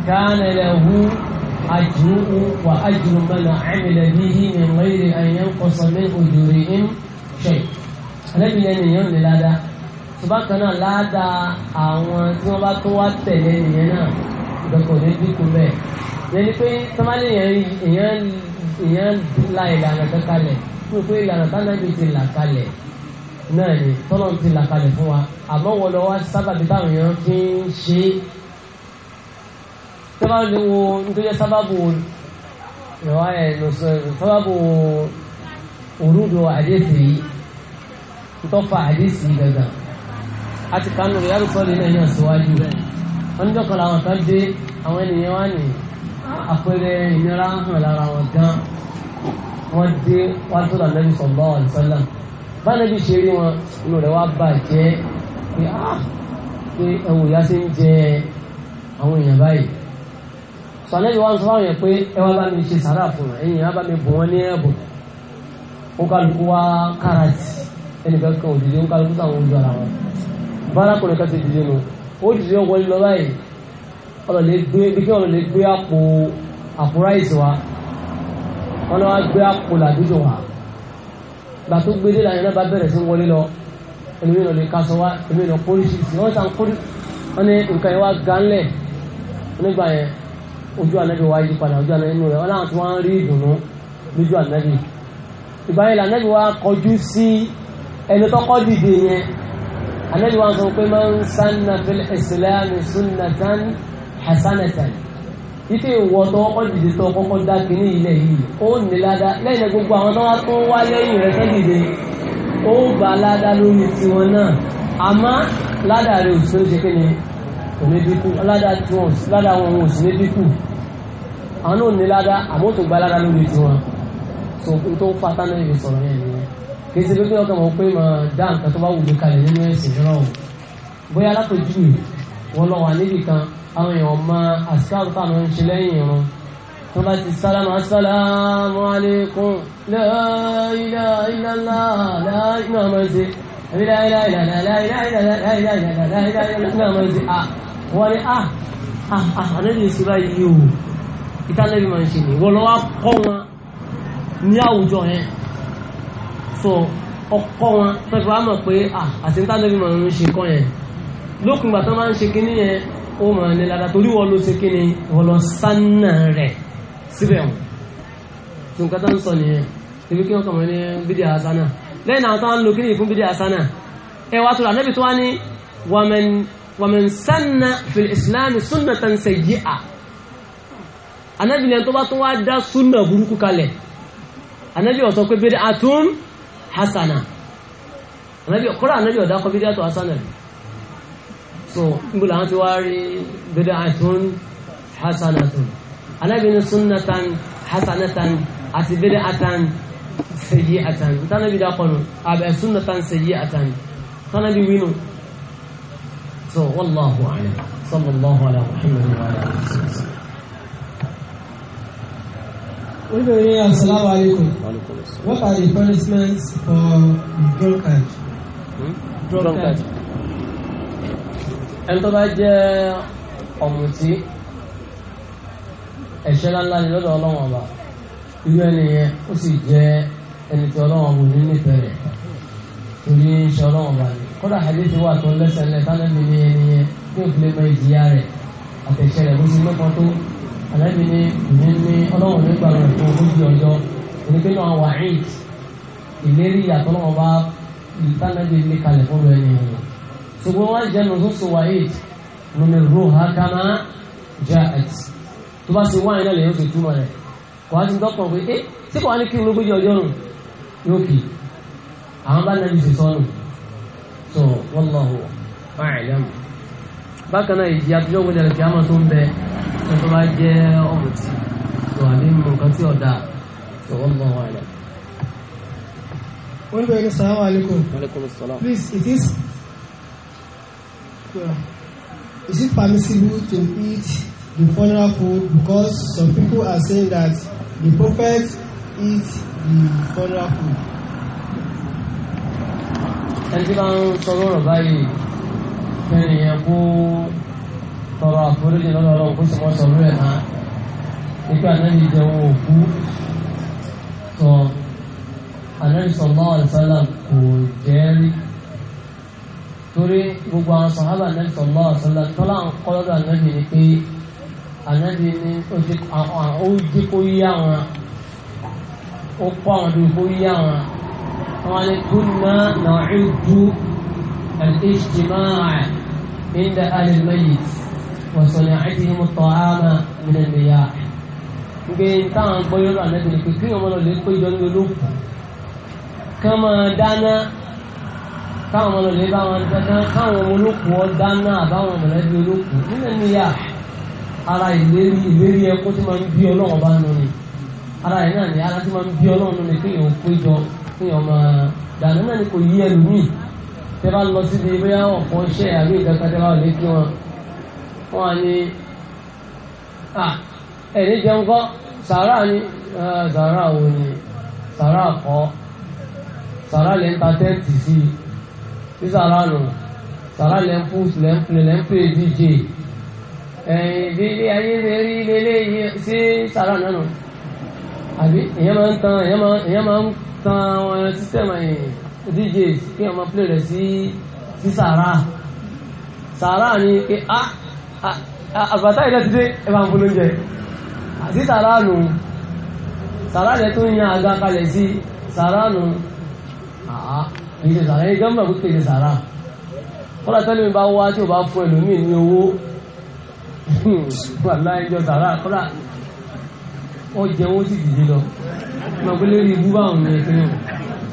kana lahu ajruhu wa ajru man 'amila bihi ele foi kankan ní dínkù bẹ́ẹ̀ lá ni pé sọmọlẹ yẹn èèyàn la ìlànà kan kalẹ̀ fún pé ìlànà tánàbí ti là kalẹ̀ náà ni tọ́lọ̀ ti là kalẹ̀ fún wa àmọ́ wọn lọ wá sábàbí táwọn èèyàn fi ń ṣe é sábàbí wo o sábàbù ìwà ẹ̀ sábàbù o àdéhùn yìí ntọ́fà àdéhùn yìí gàgà àti kánú rẹ̀ yàrá sọ́ọ̀lì náà yàn síwájú rẹ̀ wọ́n dọ́kọ̀ làwọn kan dé àwọn ènìyàn wá ní àpẹẹrẹ ìnira hàn lára wọn gan wọ́n dé wá tó lànàbí sallallahu alaihi wasallam bánàbí ṣe rí wọn inú rẹ̀ wá bàjẹ́ pé á ah, pé ẹwù ìyá sí ń jẹ àwọn èèyàn báyìí sọ̀nẹ́bí wá ń sọ fáwọn yẹn pé ẹ wá bá mi ṣe sàrà fún wọn ẹ̀yìn wá bá mi bù wọ́n ní ẹ̀bùn ó kálukú wá káràtì ẹnìkan kan òdìdí ó kálukú táwọn ojú ara wọn bárakùnrin kan ti dìde nù ó dìde wọlé lọ báyìí ọlọ́lẹ̀ gbé bí kí ọlọ́lẹ̀ gbé àpò àpò ráìsì wa wọn lọ́wọ́ gbé àpò làdújọ wa gbà tó gbé dé làyẹn náà bá bẹ̀rẹ̀ sí wọlé lọ ẹni mi lọ́lẹ̀ kásọ wa ẹni mi lọ pólíṣìṣì wọ́n sàn kórì wọ́n ní nǹkan yẹn wá gánlẹ̀ nígbà yẹn ojú ànábì wa yí padà ojú ànábì rẹ̀ wọ́n láwọn tó wọ́n rí ìdùnnú lójú ànábì ìgbà yẹn lànábì wa kọjú sí ẹni tọ́kọ́ dìde yẹn anabi wọn sọ pé máa ń sanna fil islam sunnatan hasanatan ife ìwọ tó kọ́kọ́ dìde tó kọ́kọ́ dá kínní ilẹ̀ yìí ó ní ládàá lẹ́yìn gbogbo àwọn tó wá tó wá lẹ́yìn rẹ̀ tó dìde ó gbà ládàá lórí tiwọn náà àmọ́ ládàá rẹ̀ ò sí oúnjẹ kí ni ládàá tí wọn ládàá wọn ò sí ní àwọn náà ní ládàá àmọ́ tó gbà ládàá lórí tiwọn tó tó fatá náà lè sọ̀rọ̀ yẹn ni kì ṣe pé ọkàn wọn pé dá nǹkan tó bá wù mí kalẹ̀ nínú ẹ̀sìn rẹ̀ bóyá alápèjú wọn lọ wà níbì kan àwọn èèyàn máa àṣìkáàrù táwọn ń ṣe lẹ́yìn irun tó bá ti sálámù assalamu alaikum la so ọkọ wọn tọ́jú wa mọ̀ pé àti níta lórí màá ń ṣe kọ́ yẹn lókun ìgbà tó máa ń ṣe kíní yẹn ó mọ̀ ní lada torí wọ́n ló ṣe kíní wọ́n lọ sánà rẹ̀ síbẹ̀ wọn tí nǹkan tó ń sọ nìyẹn ibi kí wọ́n kàn mọ́ ní bídí àsánà lẹ́yìn àwọn tó ń lo kíní fún bídí àsánà ẹ wá tó rà níbi tó wá ní wàmẹ̀n sánà fil islam sunnatan sayyi'a anábìnrin tó bá tó wá dá súnà burúkú kalẹ̀ anábìnrin ọ̀sọ́ hasana kọ́lá ànábì ọ̀dá kọ́ bídíà tó hasana rí so gbọ́dọ̀ àwọn ti wá rí bídíà àtún hasana tún ànábì ní sunnatan hasanatan àti bídíà àtàn sèyí àtàn tánàbí dákọ̀nù àbẹ̀ sunnatan sèyí àtàn tánàbí wínú so wallahu a'lam sallallahu ala muhammad wa ala alihi wa sallam What are the punishments for hmm? drunkard? Drunkard. Ẹni tó bá jẹ́ ọ̀mùtí, ẹ̀ṣẹ̀ ńláńlá ni lọ́dọ̀ ọlọ́run ọba. Irú ẹni yẹn ó sì jẹ́ ẹni tí ọlọ́run ọba ní nífẹ̀ẹ́ rẹ̀. Torí ṣe ọlọ́run ọba ni. Kódà hadith wà tó lẹ́sẹ̀ lẹ́sẹ̀ tánàbí ni ẹni yẹn ní òfin lè mọ ìjìyà rẹ̀ àtẹ̀ṣẹ̀ rẹ̀ bó ti mẹ́kan tó àlẹ́bí ní ní ní ọlọ́run nígbà rẹ̀ fún ogójì ọjọ́ onígbé náà wà eid ìlérí ìyàtọ̀ náà bá ìtànàbí ní kalẹ̀ fún rẹ̀ ní ìlú ṣùgbọ́n wọ́n jẹ́ nù tó so wà eid nínú ro ha kama jẹ́ eid tó bá ṣe wáyé náà lèyìn tuntun rẹ̀ kò á ti dọ́kọ̀ pé ẹ eh, tí kò wá ní kí n ogójì ọjọ́ nù yóò kì àwọn bá nàbí ṣe sọ́nù so wallahu a'lam bákan náà ìyá àtijọ́ wọlé rẹ̀ kìámọ̀ tó ń bẹ ẹ tó bá jẹ́ ọ̀mùtí tó wà nínú nǹkan tí ọ̀dà tó wọ́n mọ̀ wà rẹ̀. wọ́n bẹ̀rẹ̀ ní sàlámù alaykum. alaykum salaam. please it is uh, is it permissible to eat the funeral food because some people are saying that the prophet eat the funeral food. ẹni tí bá ń sọ lọ́rọ̀ báyìí kẹ́ni yẹn kó tọrọ àforíjì lọ́dọ̀ ọlọ́run kó sì mọ́ sọ̀rọ̀ ẹ̀ náà nígbà náà ní jẹun òkú tọ Ànábì sallallahu alaihi wasallam kò jẹ́ rí torí gbogbo àwọn sàhábà Ànábì sallallahu alaihi wasallam tọ́lá ń kọ́ lọ́dọ̀ Ànábì ni pé Ànábì ni ó jí kó yí àwọn ó kọ́ àwọn bí kó yí àwọn kunna na'uddu al عند أهل الميت وصناعتهم الطعام من الرياح gbẹ̀yìn táwọn gbọ́ yọ́rọ̀ ànábì ni pé kí ọmọ lọ lè pé ìjọ ní olóòkú ká máa dáná káwọn ọmọ lọ lè bá wọn dáná káwọn ọmọ olóòkú ọ dáná àbáwọn mọ̀lẹ́bí olóòkú nílẹ̀ níyà ara ìlérí ìlérí ẹkún tí máa ń bí ọlọ́run bá nù ni ara ẹ̀ náà ni ara tí máa ń bí ọlọ́run nù ni kéèyàn ó péjọ kéèyàn máa dáná náà ni kò yí ẹlòmíì tẹ bá lọ síbi bóyá wọn fọ iṣẹ àbí ìkankan tẹ bá lè kí wọn wọn á ní ẹni jẹun kọ sàárà ni sàárà wo ni sàárà kọ sàárà lè ń ta tẹ́ǹtì sí i sí sàárà nù sàárà lè ń pùs lè ń pè lè ń pè díje ẹ̀yìn délé ayé lè rí lélẹ̀ yìí sí sàárà náà nù àbí èèyàn máa ń tan èèyàn máa ń tan wọn sísẹ́mù ẹ̀yìn dj kí ọmọ play rẹ̀ sí sí sàárà sàárà ni pé a àbàtà ilẹ̀ ti dé ẹbà ń polóúnjẹ àti sàárà nù sàárà rẹ̀ tó ń yan àga kalẹ̀ sí sàárà nù àá èyí ṣe sàárà yìí gánbà kó kéde sàárà kọ́lá tẹ́lẹ̀ mi bá wá tí o bá fún ẹlòmíì ní owó wà láì jọ sàárà kọ́lá ó jẹun ó sì dìde lọ ọmọ pé lérí ibú báwọn ní ẹ̀kẹ́ náà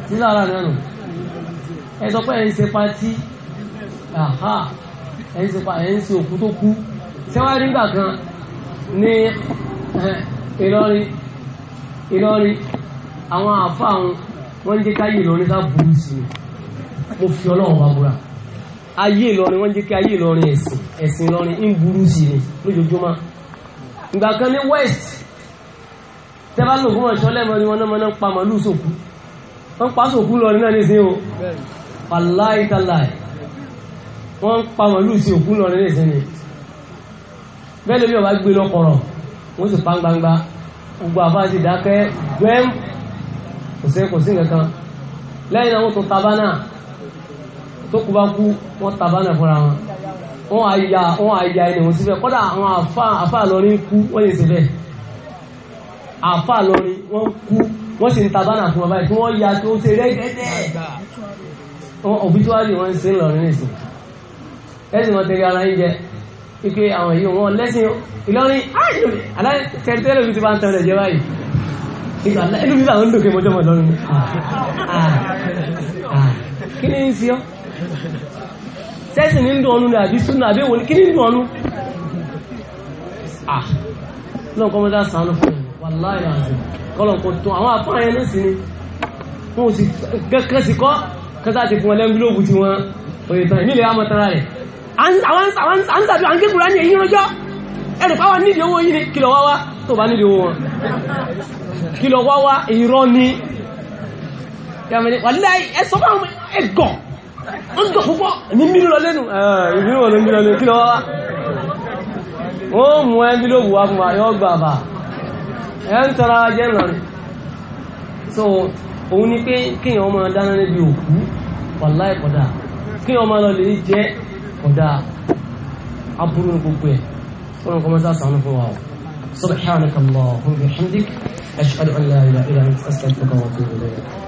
sí sàárà náà nù ẹ sọ pé ẹ̀ ń ṣe patí àhá ẹ̀ ń ṣe pa ẹ̀ ń ṣe òkú tó kú sẹ́wárí nígbà kan ní Ìlọrin Ìlọrin àwọn àáfàá wọn wọ́n ń jẹ́ káyé Ìlọrin ká burú sí i mo fi Ọlọ́run wa búra ayé Ìlọrin wọ́n ń jẹ́ kí ayé Ìlọrin ẹ̀sìn ẹ̀sìn Ìlọrin ń burú sí i lójoojúmọ́ ìgbà kan ní west tẹ́bá lògún ọ̀ṣọ́ lẹ́mọ̀ ni wọ́n náà mọ́ náà pa màálù sòkú wọ́n pa sòkú lọ náà ní sí o wàláì tàláì wọ́n ń pa màálù sí òkú lọ nílé ìsinmi bẹ́ẹ̀ lómi ọba gbé lọ́kọ̀rọ̀ wọ́n sì pa gbangba gbogbo àfáà sì dákẹ́ gbẹ́m kò sí kò sí nǹkan lẹ́yìn náà wọ́n tún tabánà tó kú bá kú wọ́n tabánà fúnra wọn wọ́n á ya wọ́n á ya ẹni wọ́n síbẹ̀ kọ́dà àwọn àfà lọ́rin kú wọ́n lè síbẹ̀ àfà lọ́rin wọ́n kú wọ́n sì ń tabánà fún ọba ẹ̀ tí wọ́n ya tó ṣe rẹ́gẹ́dẹ́ obituari wọn ń ṣe lọrin nìsín ẹsìn wọn tẹ̀lé ara yín jẹ ike àwọn èyí wọn lẹ́sìn Ìlọrin aláìtẹ́lẹ́ lóbi ti bá ń tẹ̀lé jẹ báyìí ìlú bíbá àwọn olùdókè mọ́jọ́mọ́ lọ́rin kí ni ń sí ọ́ sẹ́sìn ní dùn ọ̀nù àbí súnà àbí wọlé kí ni dùn ọ̀nù lọ́n kọ́ mọ́já sàánù fún wàláì àzẹ̀ kọ́lọ̀ kò tó àwọn àpá yẹn ní sí ni wọ́n sì gẹ́gẹ́ sí kọ́ kọ́sá ti fún ẹlẹ́mílòbù tí wọ́n òye tán ìmílẹ̀ àmọ́ tara rẹ̀ àǹsàbí àǹkékùnrà ní èyí rọjọ́ ẹ̀rì pàwọn nídìí owó yìí ni kìlọ̀ wá wá tó bá nídìí owó wọn kìlọ̀ wá wá ìrọ́ ni wàlẹ́ ẹ̀sọ́ bá ẹ̀gọ̀ ọ̀gọ̀ púpọ̀ ní mílò lọ lẹ́nu ìbínú wọn ló ń bí lọ lẹ́nu kìlọ̀ òun ni pé kíyàn ọmọ dáná níbi òkú wàláì kódà kíyàn ọmọ lọ lè jẹ́ kódà aburú ní gbogbo ẹ̀ fọ́nà kọ́mọ́ sá sànú fún wa o subhanakallahumma wa bihamdik ashhadu an la ilaha illa anta astaghfiruka wa atubu ilayk